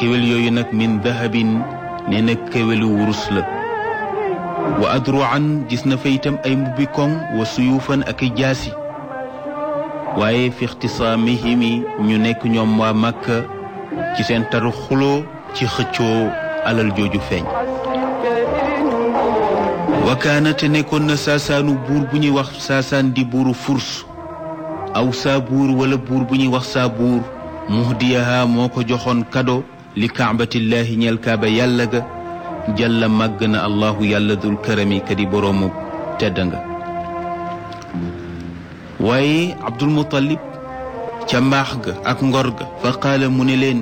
كويل يوينك من ذهب ننكبلو ورسل وأدرو عن جسنا فيتم أي مبكم وسيوفا أكجاسي وأي في اختصامهم ينك نيوم ومك جسن ترخلو تخشو على الجوجو فين وكانت نكون ساسان بور بني وخ ساسان دي بور فرس أو سابور ولا بور بني وخ سابور مهديها موكو جخون كادو li kaabatillaahi ñeel kaaba yàlla ga màgg na allahu yàlla dul karami kadi boromu tedd nga waaye abdul muttalib ca mbaax ga ak ngor ga fa qaala mu ne leen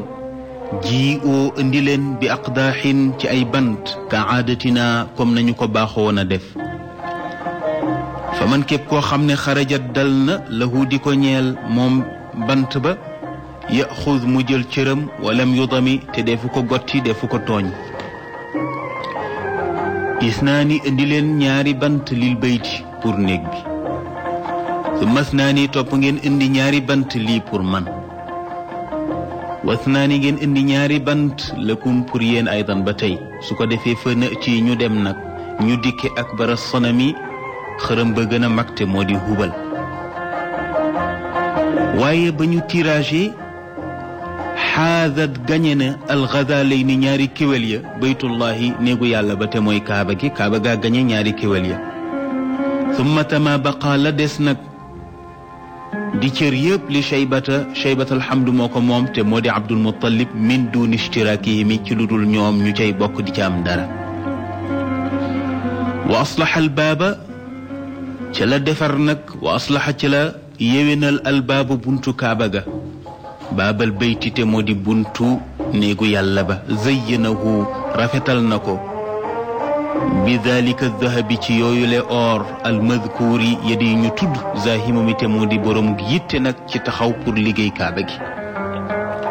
ji oo indi leen bi aqdaaxin ci ay bant ka aadatina comme nañu ko baaxoon a def fa man képp koo xam ne xarajat dal na lahu di ko ñeel moom bant ba یخوذ مجل چرم ولم یوضمی تده فوکو گتی ده فوکو تونی دیسنانی اندیلین نیاری بند لیل بیتی پر نگی زمه سنانی توپنگین اندی نیاری بند لی پر من و اندی نیاری بند لکن پرین ایضا بطی سکا دفعه فنه اچی نیو دم نک نیو دکه اکبره صنمی خرم بگنا مکت مودی هبال وایه به نیو حاذت غنينا الغذالي نياري كيوليا بيت الله نيغو يالا باتي موي كابا كي كابا غا غني نياري كيوليا ثم تما بقى لدسنك دي كير ييب لي شيبتا الحمد موكو موم تي مودي عبد المطلب من دون اشتراكه مي تي لودول نيوم ني تي بوك دي تام دارا واصلح الباب تي لا واصلح تي لا يوينال الباب بونتو كابا baabal bayti te moo di buntu néegu yàlla ba zayyanahu rafetal na ko bi dalika dahabi ci yooyule or almadkuuri yadi ñu tudd zahimu mi te moo di borom yitte nag ci taxaw pour liggéey kaaba gi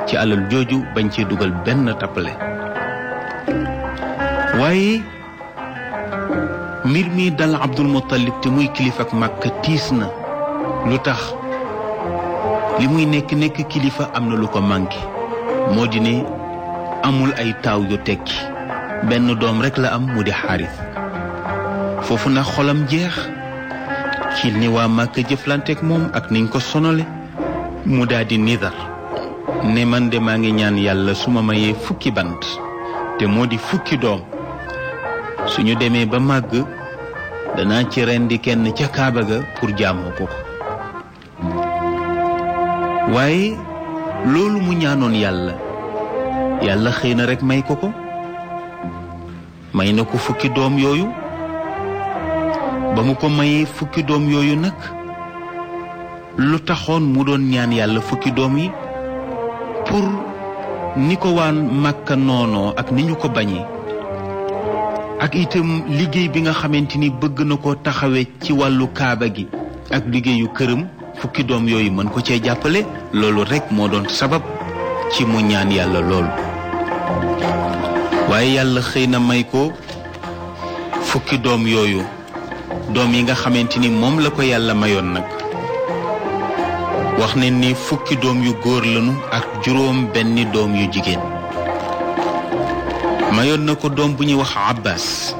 ci alal jooju bañ cee dugal benn tappale waaye mbir mi dal abdul muttalib te muy kilifak màkka tiis na lu tax li muy nekk nekk kilifa am na lu ko manqué moo di ne amul ay taaw yu tekki benn doom rekk la am mu di xaaris foofu na xolam jeex kii ni waa màkk jëflanteek moom ak niñ ko sonole mu daldi di ne man de maa ngi ñaan yàlla su ma mayee fukki bant te moo di fukki doom suñu demee ba màgg danaa ci ren di kenn ca kaaba ga pour jaamoo ko waaye loolu mu ñaanoon yàlla yàlla xëy na rekk may ko ko may na ko fukki doom yooyu ba mu ko may fukki doom yooyu nag lu taxoon mu doon ñaan yàlla fukki doom yi pour ni ko waan màkka noonoo ak ni ñu ko bañe ak itam liggéey bi nga xamante ni bëgg na ko taxawee ci wàllu kaaba gi ak liggéeyu këram fukki doom yooyu mën ko cee jàppale loolu rek moo doon sabab ci mu ñaan yàlla loolu waaye yàlla xëy na may ko fukki doom yooyu doom yi nga xamante ni moom la ko yàlla mayoon nag wax ne ni fukki doom yu góor lanu ak juróom benn doom yu jigéen mayoon na ko doom bu ñuy wax abbas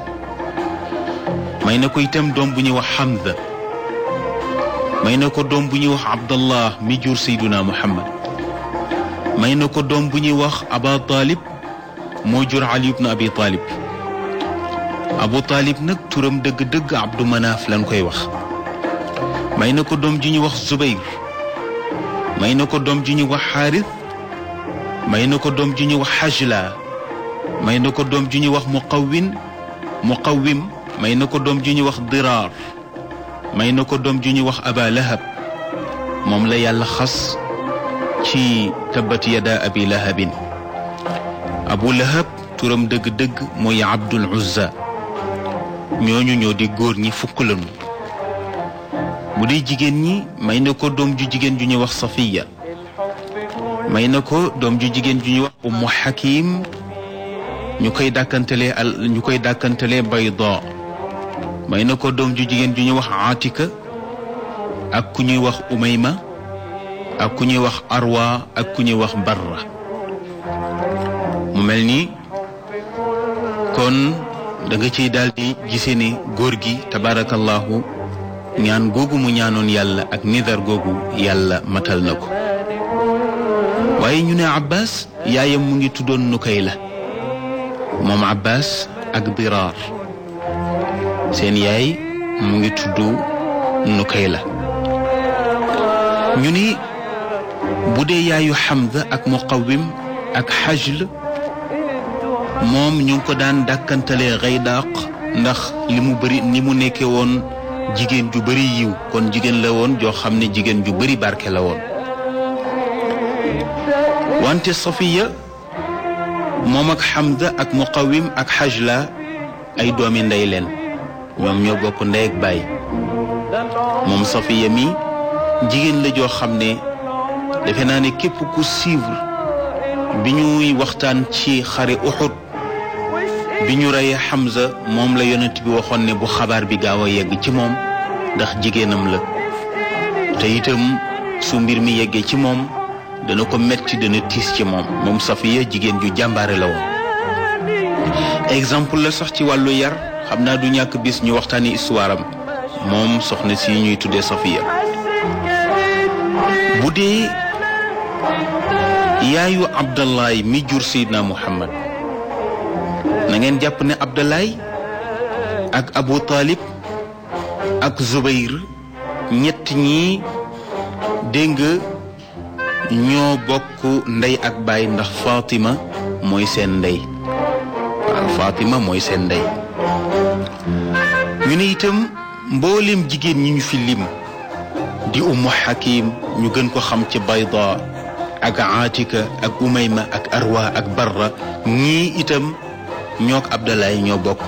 may na ko itam doom bu ñuy wax may na ko doom bu ñuy wax abdallah mi jur sayduna muhammad may na ko doom bu ñuy wax aba taalib moo jur ali ibnu abi taalib abu taalib nag turam dëgg-dëgg abdu manaaf lan koy wax may na ko doom ju ñuy wax zubayr may na ko doom ju ñuy wax xaaris may na ko doom ju ñuy wax xajla may na ko doom ju ñuy wax muqawwin muqawwim may na ko doom ju ñuy wax diraar may na ko doom ju ñu wax aba lahab moom la yàlla xas ci tabbat yada abi lahabin abu lahab turam dëgg-dëgg mooy abdul uzza ñooñu ñoo di góor ñi fukk lañu bu dee jigéen ñi may na ko doom ju jigéen ju ñuy wax safiya may na ko doom ju jigéen ju ñuy wax ummu hakim ñu koy dàkkantalee al ñu koy dàkkantalee bayda may na ko doom ju jigéen ju ñu wax Atika ak ku ñuy wax Umayma ak ku ñuy wax Arwa ak ku ñuy wax Barra mu mel ni kon da nga ciy daal di gisee ne góor gi tabaarakallaahu ñaan googu mu ñaanoon yàlla ak nidar googu yàlla matal na ko waaye ñu ne Abbas yaayam mu ngi tuddoon la moom Abbas ak Diraar seen yaay mu ngi tudd la ñu ni bu dee yaayu Hamza ak Muqawwim ak Hajl moom ñu ngi ko daan dàkkantalee Gaydaq ndax li mu bëri ni mu nekke woon jigéen ju bari yiw kon jigéen la woon joo xam ne jigéen ju bari barke la woon wante Safiya moom ak Hamza ak Muqawwim ak Hajla ay doomi ndey leen ñoom ñoo bokk ndey ak baay moom Safiya mi jigéen la joo xam ne defe naa ne képp ku suivre bi ñuy waxtaan ci xare Uhud bi ñu reyee Hamza moom la yonent bi waxoon ne bu xabaar bi gaaw a yegg ci moom ndax jigéenam la te itam su mbir mi yeggee ci moom dana ko metti dana tiis ci moom moom Safiya jigéen ju jàmbaare la woon exemple la sax ci wàllu yar xamna dunia du ñak bis ñu waxtani histoire mom soxna si ñuy tuddé Sofia budi yaayu Abdallah mi jur Muhammad na ngeen japp né Abdallah ak Abu Talib ak Zubair ñett ñi deng ño bokk ndey ak bay ndax Fatima moy sen ndey Fatima moy sen ndey ñu ne itam mboolem jigéen ñi ñu fi lim di ummu xakim ñu gën ko xam ci bayda ak aatika ak umayma ak arwa ak barra ñii itam ñook abdalaay ñoo bokk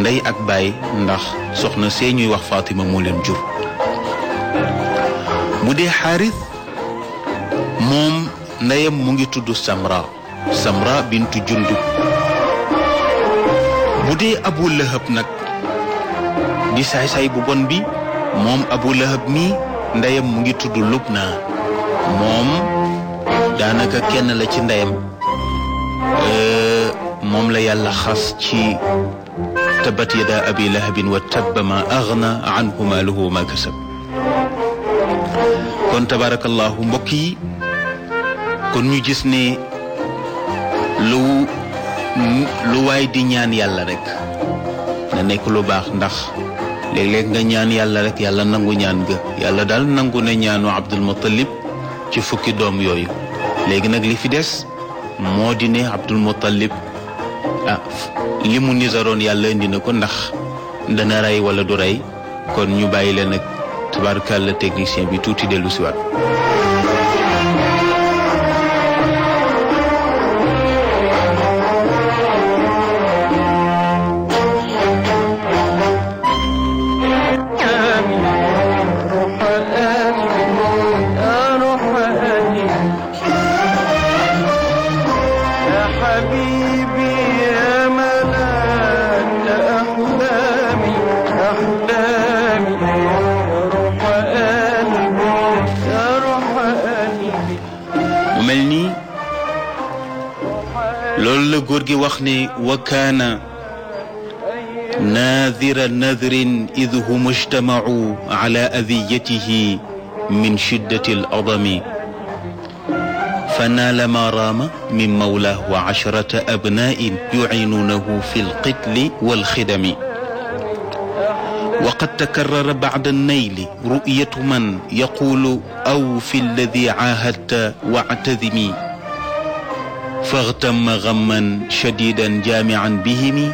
ndey ak baay ndax soxna see ñuy wax fatima moo leen jur bu dee xaaris moom ndeyam mu ngi tudd samra samra bintu jundub bu dee abu lahab nag di saay-saay bu bon bi moom abu lahab mi ndeyam mu ngi tudd lubna moom daanaka kenn la ci ndeyam moom la yàlla xas ci tabat yada abi lahabin wa tabba ma agna anhu maaluhu ma kasab kon tabarakallahu mbokk kon ñu gis ne lu Hmm, lu waay di ñaan yàlla rek na nekk lu baax ndax léeg-léeg nga ñaan yàlla rek yàlla nangu ñaan ga nangu na ñaanu abdul muttalib ci fukki doom yooyu léegi nag li fi ne abdul muttalib ah li mu nisaroon yàlla indi ndax dana rey wala du rey kon ñu bàyyi leen ak technicien bi tuuti dellu ملني nii loolu la góor ناذر نذر إذ هم اجتمعوا على أذيته من شدة الأضم فنال ما رام من مولاه وعشرة أبناء يعينونه في القتل والخدم وقد تكرر بعد النيل رؤية من يقول أوف الذي عاهدت واعتذمي فاغتم غما شديدا جامعا بهم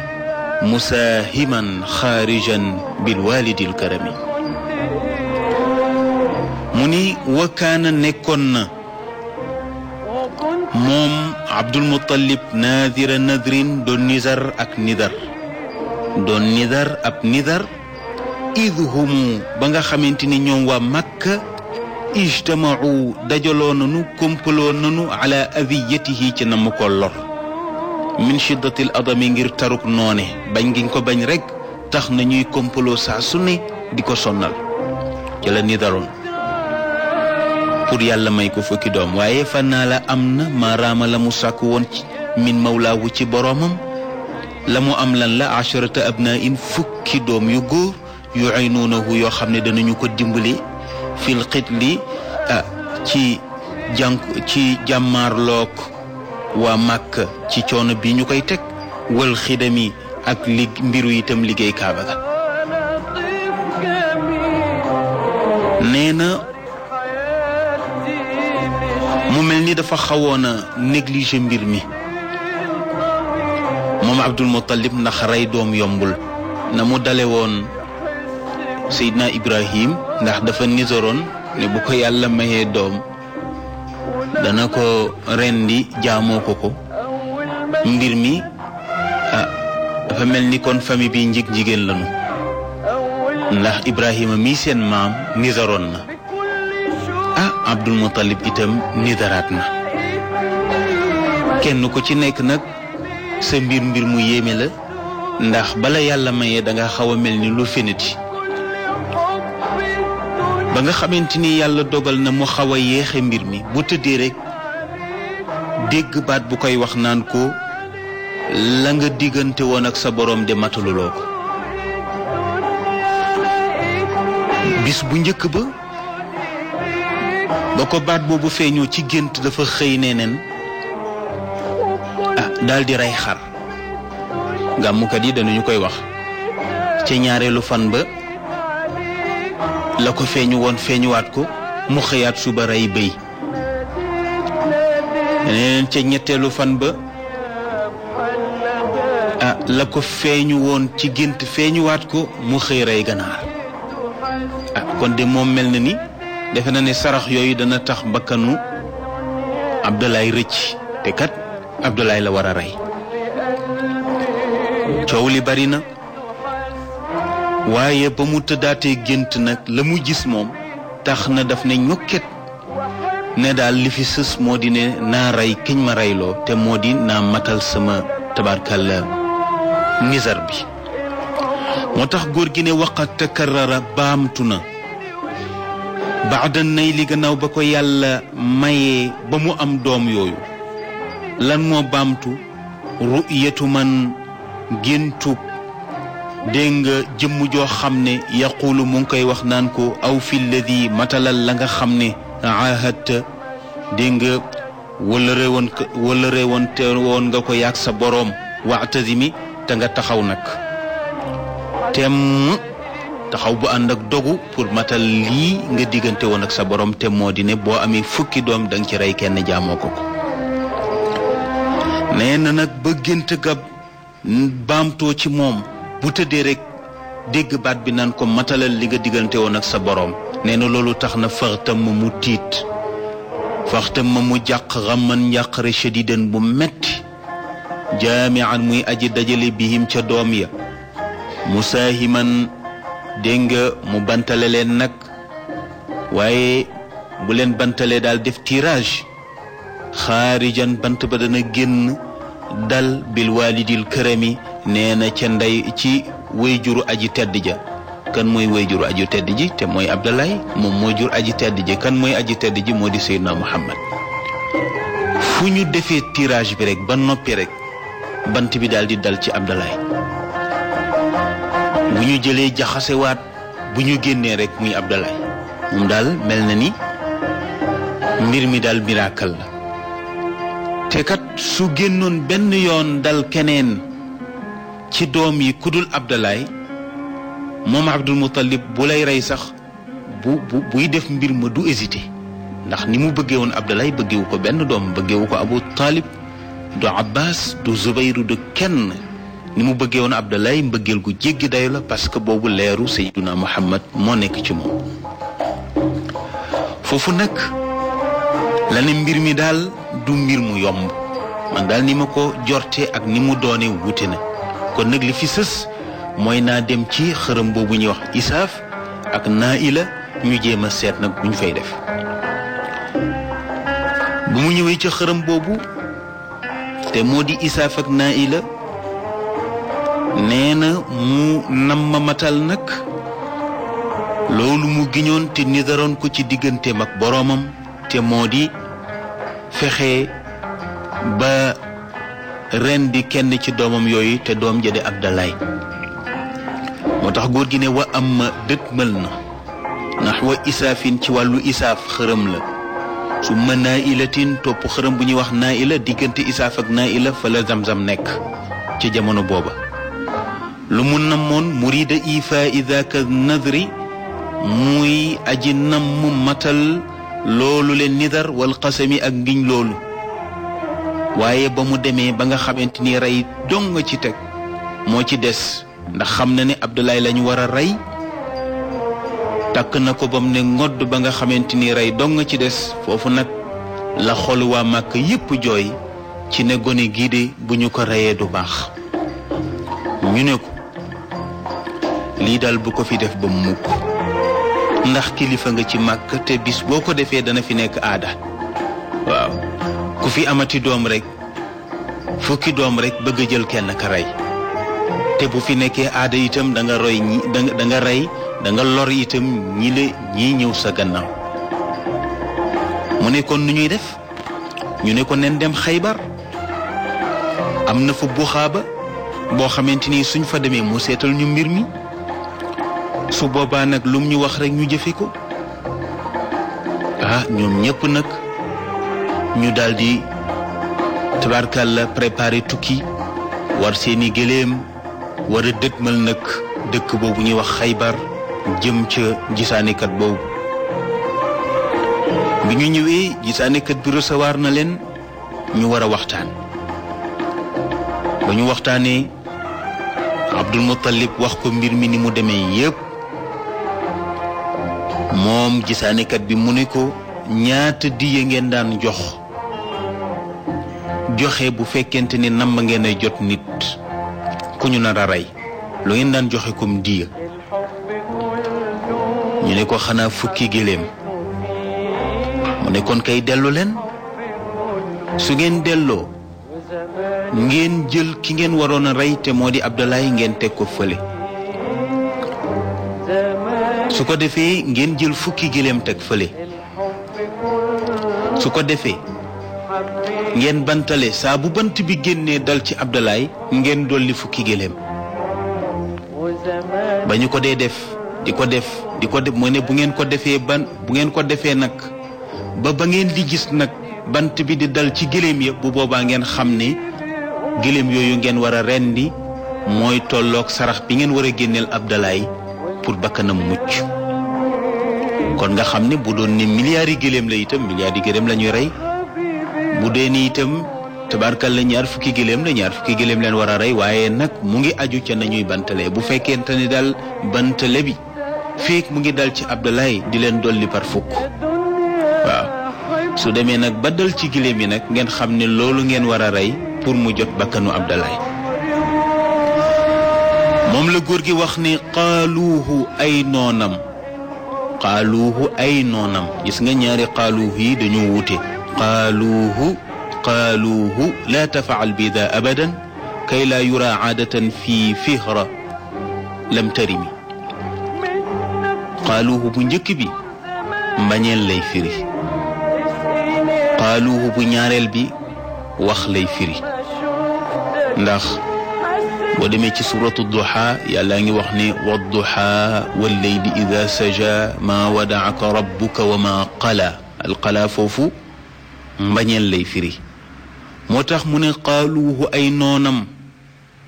مساهما خارجا بالوالد الكرم مني وكان نكن موم عبد المطلب ناذر نذر دون نذر اك نذر دون نذر اب نذر idhum ba nga xamanteni ni ñoom waa makka ijtamau dajaloo nanu kompaloo nanu ala adiyatihi ci na ko lor min shiddati l adami ngir taruk noone bañ ngiñ ko bañ rek tax na ñuy kompaloo saa su ne di ko sonnal ci la ni pour yàlla may ko fukki doom waaye am la mu sàkk min mawlaawu ci boromam la mu am lan la asharata abnain fukki doom yu góor يعينونه يو خامني دا نيو كو ديمبلي في القتل تي جانك تي جامار لوك وا مكه تي تيون بي نيو كاي تك والخدمي اك لي ميرو يتم ليغي كابا نينا مو ملني دا فا خاوانا نيغليجي مير مام عبد المطلب نخ راي دوم يومبل نمو دالي وون seydina ibrahim ndax dafa nizoron ne bu ko yàlla mayee doom dana ko rendi jamo ko ko mbir mi ah dafa mel kon fami bi njig jigéen lanu ndax ibrahima mi maam nizaron, na ah abdul mutalib itam nizaratna, na kenn nak ci nekk nag sa mbir mbir mu yéeme la ndax bala da nga lu feniti ba nga xamante ni yàlla dogal na mu xaw a yéexe mbir mi bu tëddee rek dégg baat bu koy wax naan ko la nga diggante woon ak sa borom de mataluloo ko bis bu njëkk ba ba ko baat boobu feeñoo ci gént dafa xëy neneen ah daal di rey xar gàmmukat yi danañu koy wax ca ñaareelu fan ba la ko feeñu woon feeñuwaat ko mu xëyaat suba rey béy neneen ca ñetteelu fan ba ah la ko feeñu woon ci gént feeñuwaat ko mu xëy rey ganaar ah kon de na ni defe na sarax dana tax bakkanu abdoulaye rëcc te kat abdoulaye la war a li waaye ba mu tëddaatee gént nag la mu gis moom tax na daf ne ñokket ne daal li fi sës moo di ne naa rey kiñ ma reyloo te moo di naa matal sama tabarkalla Misar bi moo tax góor gi ne waqat takarara baamtu na baadan nay li gannaaw ba ko yàlla mayee ba mu am doom yooyu lan moo baamtu ru'yatu man gintu. dégg nga jëmm joo xam ne yaquulu mu ngi koy wax naan ko aw fi matalal la nga xam ne ahadta dégg nga wala réewoon wala réewoon te woon nga ko yaag sa boroom mi te nga taxaw nag temm taxaw bu ànd ak dogu pour matal lii nga diggante woon ak sa borom te moo di ne boo amee fukki doom danga ci rey kenn jaamoo ko ko nee na nag bëggante ga baamtoo ci moom bu tëddee rek dégg baat bi naan ko matalal li nga diggante woon ak sa boroom nee na loolu tax na faxtam ma mu tiit faxtam ma mu jàq xaman njàqare shadidan bu metti jaamian muy aji dajale bihim ca doom ya musaahiman dégg nga mu bantale leen nag waaye bu leen bantalee daal def tirage xaarijan bant ba dana génn dal bil waalidil kërami neena na ca ndey ci wayjuru aji tedd ja kan moy wayjuru aji tedd ji te moy abdallah mom moo jur aji tedd ji kan moy aji tedd ji modi muhammad fuñu defé tiraj tirage bi rek ba nopi rek bant bi daldi di dal ci abdallah buñu jëlé jëlee wat buñu génné rek muy abdallah moom dal mel ni mbir mi dal miracle la te kat su gennon ben yoon dal kenen ci doom yi kudul abdalaay moom abdul mutalib bu lay rey sax bu bu buy def mbir ma du hésité ndax ni mu bëggee woon abdalaay bëggewu ko benn doom bëggewu ko abu talib du abbas du zubayru du Ken. ni mu bëggee woon abdalaay mbëggeel gu jéggi dayo la parce que boobu leeru sayyiduna muhammad moo nekk ci moom foofu nag la ne mbir mi daal du mbir mu yomb man daal ni ma ko jorte ak ni mu doone wute na kon nag li fi sës mooy naa dem ci xërëm boobu ñuy wax isaaf ak naaila ñu jéem a seet nag buñ fay def bu mu ñëwee ca xërëm boobu te moo di isaaf ak naaila nee na mu namm matal nag loolu mu giñoon te nidaroon ko ci digganteem ak boroomam te moo di ba rendi kenn ci doomam yooyu te doom ja di abdalay moo tax góor gi ne wa am dëtmal na ndax wa isaafin ci wàllu isaaf xërëm la su ma naa ilatin topp xërëm bu ñuy wax naa ila diggante isaaf ak naa ila fa la zamzam nekk ci jamono booba lu mu namoon murida ifa idaka nadri muy aji namm matal loolu leen nidar wal qasami ak ngiñ loolu waaye ba mu demee ba nga xamante ni dong ci teg moo ci des ndax xam na ne abdoulaye lañu war a rey takk na ko bam ne ngodd ba nga xamante ni dong ci des foofu nag la xol waa màkk yépp jooy ci ne gone gii de bu ñu ko reyee du baax ñu ne ko lii dal bu ko fi def ba mukk ndax kilifa nga ci màkk te bis boo ko dana fi nekk aada waaw ku fi amati dom rek fukki dom rek bëgg jël kenn ka ray te bu fi nekké aada itam da nga roy ñi da nga ray da nga lor itam ñi le ñi ñëw sa gannaaw mu ne kon nu ñuy def ñu ne ko nen dem khaybar amna fu buxaaba suñ fa démé mu sétal ñu mbir mi su boba nak lum ñu wax rek ñu jëfiko ah ñom ñepp nak ñu daldi tabarkalla préparé tukki war seeni gelem war a nak dekk bobu ñi wax khaybar jëm gisani kat bobu bi ñu gisani kat bi recevoir na len ñu war waxtaan ba ñu abdul muttalib wax ko mbir mi ni mu démé yépp gisani kat bi mu ko ñaata diye ngeen daan jox joxe bu fekkente ni namm ngeen ay jot nit ku ñu nar a rey lu ngeen daan joxe comme diya ñu ne ko xanaa fukki giléem mu ne kon kay dellu leen su ngeen delloo ngeen jël ki ngeen waroon a rey te moo di Abdoulaye ngeen teg ko fële su ko defee ngeen jël fukki giléem teg fële su ko defee ngeen bantale saa bu bant bi génnee dal ci abdalaay ngeen dolli fukki géléem bañu ko dee def di ko def di ko def mooy ne bu ngeen ko defee ban bu ngeen ko defee nag ba ba ngeen di gis nag bant bi di dal ci géléem ya bu boobaa ngeen xam ne géléem yooyu ngeen war a rendi mooy tolloog sarax bi ngeen war a génneel abdalaay pour bakkanam mucc kon nga xam ne bu doon ne milliards yi géléem la itam milliards yi géléem la ñuy rey bude dee ni itam tabarkal la ñaar fukki gëléem la ñaar fukki gëléem len wara ray waye nak mu ngi aju ci nañuy bantale bu fekkente bantale bi feek mu ngi dal ci abdallah di len dolli par fuk wa su demee nak ba dal ci gëléem yi nak ngeen xamni lolu ngeen wara ray pour mu jot bakkanu abdallah mom la gor gi wax ni qaluhu ay nonam qaluhu ay nonam gis nga ñaari qaluhu dañu wuté قالوه قالوه لا تفعل بذا أبدا كي لا يرى عادة في فهرة لم ترمي قالوه بنجكبي من يلي فري قالوه بنيارل بي وخلي فري ناخ ودمي سورة الضحى يالاني وحني والضحى والليل إذا سجى ما ودعك ربك وما قلى القلى فوفو mbañeel lay firi motax tax mu ne temodi ay nonam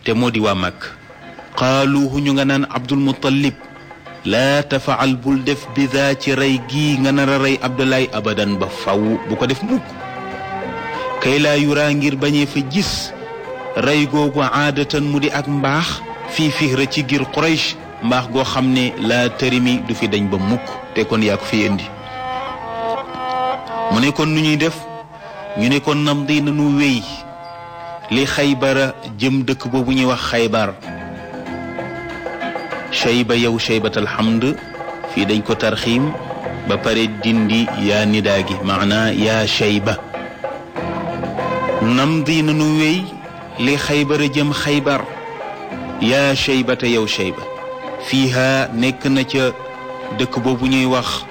te modi wa mak qaluhu ñu nga abdul muttalib la tafal bul def za ci ray gi nga na ray abdullah abadan ba faw bu ko def mukk kay la yura ngir bañe fa gis ray gogo aadatan mudi ak mbaax fi fihra ci gir quraish mbax go xamne la terimi du fi dañ ba mukk te kon yaa ko fi indi mu kon nu ñuy def ñu ne nam namdi nu wéy li xaybara jëm dëkk bobu ñi wax khaybar shayba yow shaybat alhamd fi dañ ko tarxim ba pare dindi ya nidaa maana ya shayba nam namdi nu wéy li xaybara jëm khaybar yaa shaybata yow shayba fiiha nekk na ca dëkk boobu ñuy wax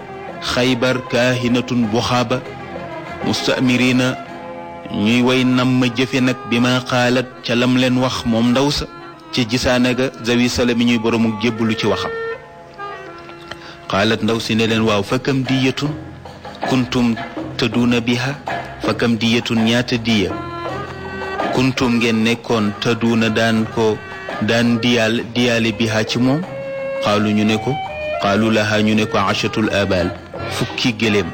mustamirina ñuy way nam ma jëfe nag bi ma xaalat ca lam leen wax moom ndaw sa ci gisaane ga jawi sala mi ñuy boroomu jébbalu ci waxam xaalat ndaw si ne leen waaw fakkam diyatun kuntum tëdduuna biha fakkam diyatun ñaata diya kuntum ngeen nekkoon tëdduuna daan ko daan diyaal diyaale biha ci moom xaalu ñu ne ko xaalu laha ñu ne ko achatul abal fukki gëléem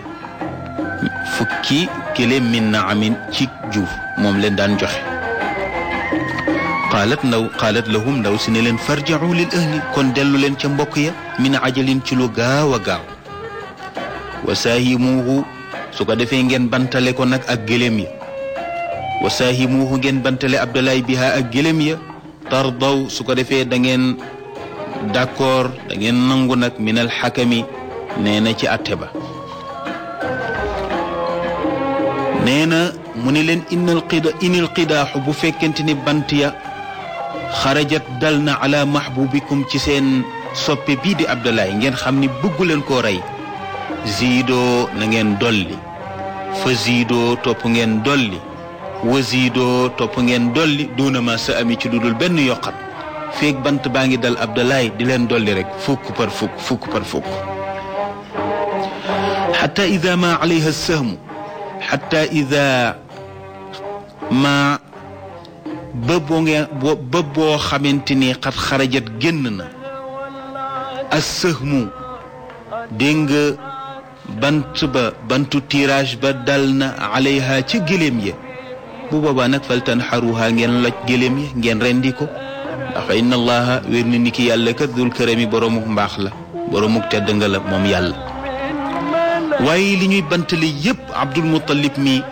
fukki kele min naamin ci juuf moom leen daan joxe qalat ndaw qalat lahum ndaw si ne lil ahli kon dellu leen ca mbokk ya min ajalin ci lu gaaw a gaaw wa su ko ngeen bantale ko nag ak gëléem ya wa ngeen bantale abdalaay biha ak gëléem ya tardaw su ko defee da ngeen d' da ngeen nangu ci nee na mu ne leen innal qida inil qidaaxu bu fekkente ni bant ya xarajat dal na ala mahbubikum ci seen soppe bii di abdalaay ngeen xam ni bëggu leen koo rey ziidoo na ngeen dolli fa ziidoo topp ngeen dolli wa ziidoo topp ngeen dolli duuna ma sa ami ci dudul benn yokkat feeg bant baa ngi dal abdalaay di leen dolli rek fukk par fukk fukk par fukk xata ida ma alayha sahmu حتى إذا ما ببو خمنتني قد خرجت جننا السهم دينغ بنت با بنت تيراج بدلنا عليها تي جليم يه بو بابا نك فلتنحروها نجن لك جليم يه نجن رنديكو أخي إن الله ويرني نكي يالك ذو الكرمي برومك مباخلا برومك تدنغل موم يالك waye li ñuy bantali yépp abdul muttalib mi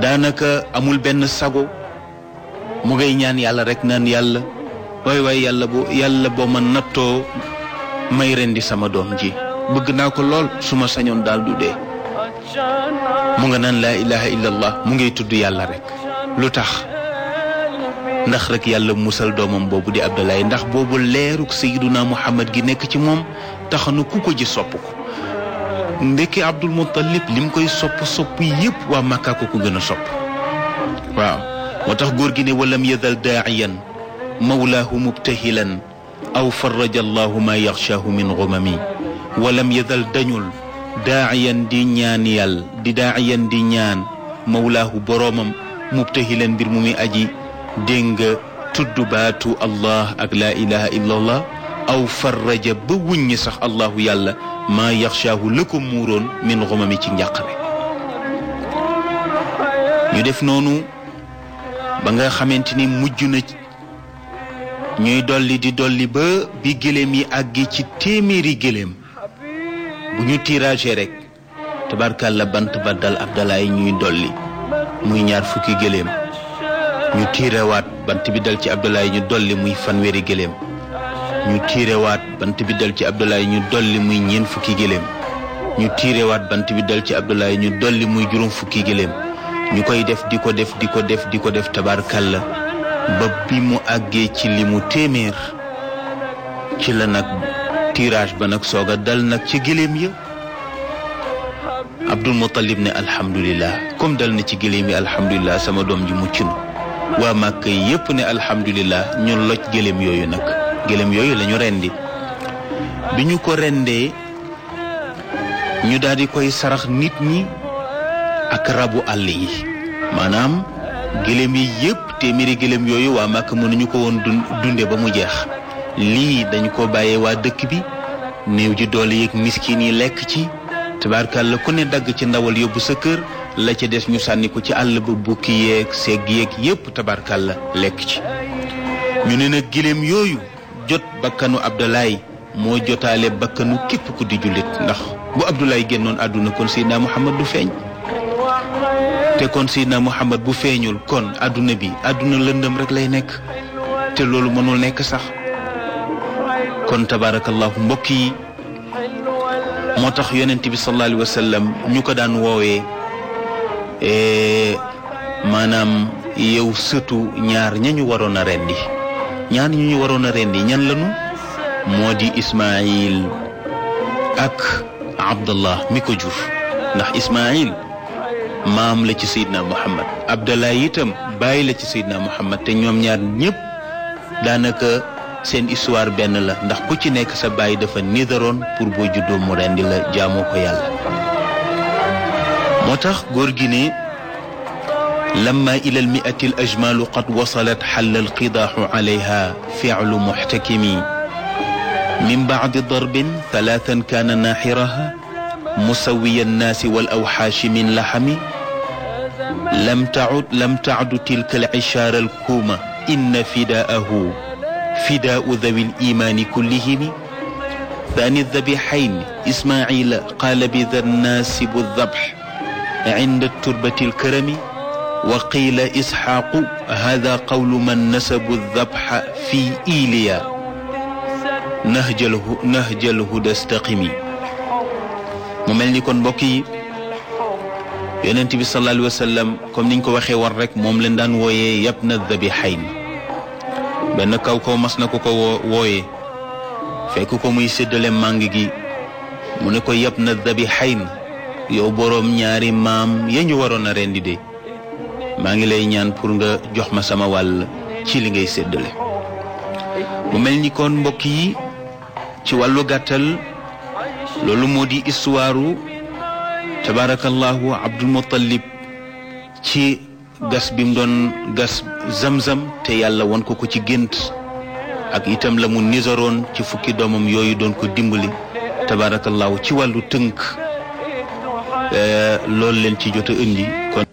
danaka amul benn sago mu ngay ñaan yàlla rek naan yàlla way way yàlla bu yàlla boo ma nattoo may rendi sama doom ji bëgg naa ko lool su ma sañoon daal du dee mu nga naan laa ilaha illallah mu ngay tudd yàlla rek lu tax ndax rek yàlla musal doomam boobu di abdalaay ndax boobu leeruk sayiduna muhammad gi nekk ci moom taxanu ku ko ji sopp ko ndekki abdul muttalib lim koy sopp sopp yépp waa makka ko ko gën a sopp waaw moo gi ne walam yadal daaciyan mawlaahu mubtahilan aw faraja allahu ma yaxshaahu min gumami walam yadal dañul daaciyan di ñaan yàll di daaciyan di ñaan mawlaahu boroomam mubtahilan mbir mu aji dégg nga tudd allah ak laa ilaha illa allah aw farraja ba wuññi sax allahu yalla ma yakhshahu lakum ko min ghumami ci njàqare ñu def nonu ba nga xamanteni mujju na ñuy dolli di dolli ba bi gëléem yi àggi ci temeri gelem bu ñu tirager rek tabarkàlla bant badal Abdallah ñuy dolli muy ñaar fukki gelem ñu wat bant bi dal ci abdallah ñu dolli muy fanweri gelem ñu tiirewaat bant bi dal ci abdoulaye ñu dolli muy ñeen fukki gëléem ñu tiirewaat bant bi dal ci abdoulaye ñu dolli muy juróom fukki gëléem ñu koy def di ko def di ko def di ko def tabarkalla ba bi mu àggee ci li mu téeméer ci la nag tirage ba nag sooga dal nag ci gëléem ya abdul mutalib ne alhamdulillah comme dal na ci gëléem yi alhamdulillah sama doom ji mucc na waa màkk yépp ne alhamdulillah ñu loj gëléem yooyu nag géléem yooyu lañu rendi bi ñu ko rendee ñu daldi koy sarax nit ñi ak rabu àll yi maanaam gëléem yi yépp téeméeri géléem yooyu waa màkk mënuñu ko woon dunde ba mu jeex lii dañu ko bàyyee waa dëkk bi néew ji doole yeeg miskin yi lekk ci tabaarkàlla ku ne dagg ci ndawal yóbbu sa kër la ca des ñu sànni ko ci àll ba bukki yeeg segg yeeg yépp tabaarkàlla lekk ci ñu ne nag gëléem yooyu jot bakkanu abdullahi moo jotaale bakkanu képp ku di jullit ndax bu abdullahi génnoon àdduna kon seydina muhammad du feeñ te kon seydina muhammad bu feeñul kon àdduna bi àdduna lëndëm rek lay nekk te loolu mënul nekk sax kon tabarakallahu mbokk yi moo tax yonent bi sallallahu alayhi wasallam ñu ko daan woowee eh, maanaam yow sëtu ñaar waroon a rendi ñaan ñu ñu waroon a rendi ñan lanu moo di ismail ak abdallah mi ko jur ndax ismail maam la ci sayidna muhammad abdallah itam bàyyi la ci sayidna muhammad te ñoom ñaar ñëpp daanaka seen histoire benn la ndax ku ci nekk sa bàyyi dafa nidaroon pour boo juddoo mu rendi la jaamoo ko yàlla moo tax góor gi ne لما إلى المئة الأجمال قد وصلت حل القداح عليها فعل محتكم من بعد ضرب ثلاثا كان ناحرها مسوي الناس والأوحاش من لحم لم تعد لم تعد تلك العشار الكومة إن فداءه فداء ذوي الإيمان كلهم ثاني الذبيحين إسماعيل قال بذا الناس بالذبح عند التربة الكرم وقيل إسحاق هذا قول من نسب الذبح في إيليا نهج الهدى استقمي ممن يكون بكي يننتبه صلى الله عليه وسلم كم نينكو وخي ورق مملن دان ويه يبنى الذبيحين بأن كو كو مسنا كو كو ويه فكو كو ميسي دولي مانجيجي منكو يبنى الذبيحين يوبرو منياري مام ينجو ورون رندي maa ngi lay ñaan pour nga jox ma sama wàll ci li ngay séddale mu mel ni kon mbokk yi ci wàllu gàttal loolu moo di histoire tabarakallahu abdul muttalib ci gas bi mu doon gas zamzam te yàlla won ko ko ci gént ak itam la mu nisaroon ci fukki doomam yooyu doon ko dimbali tabarakallahu ci wàllu tënk euh, loolu leen ci jot a indi kon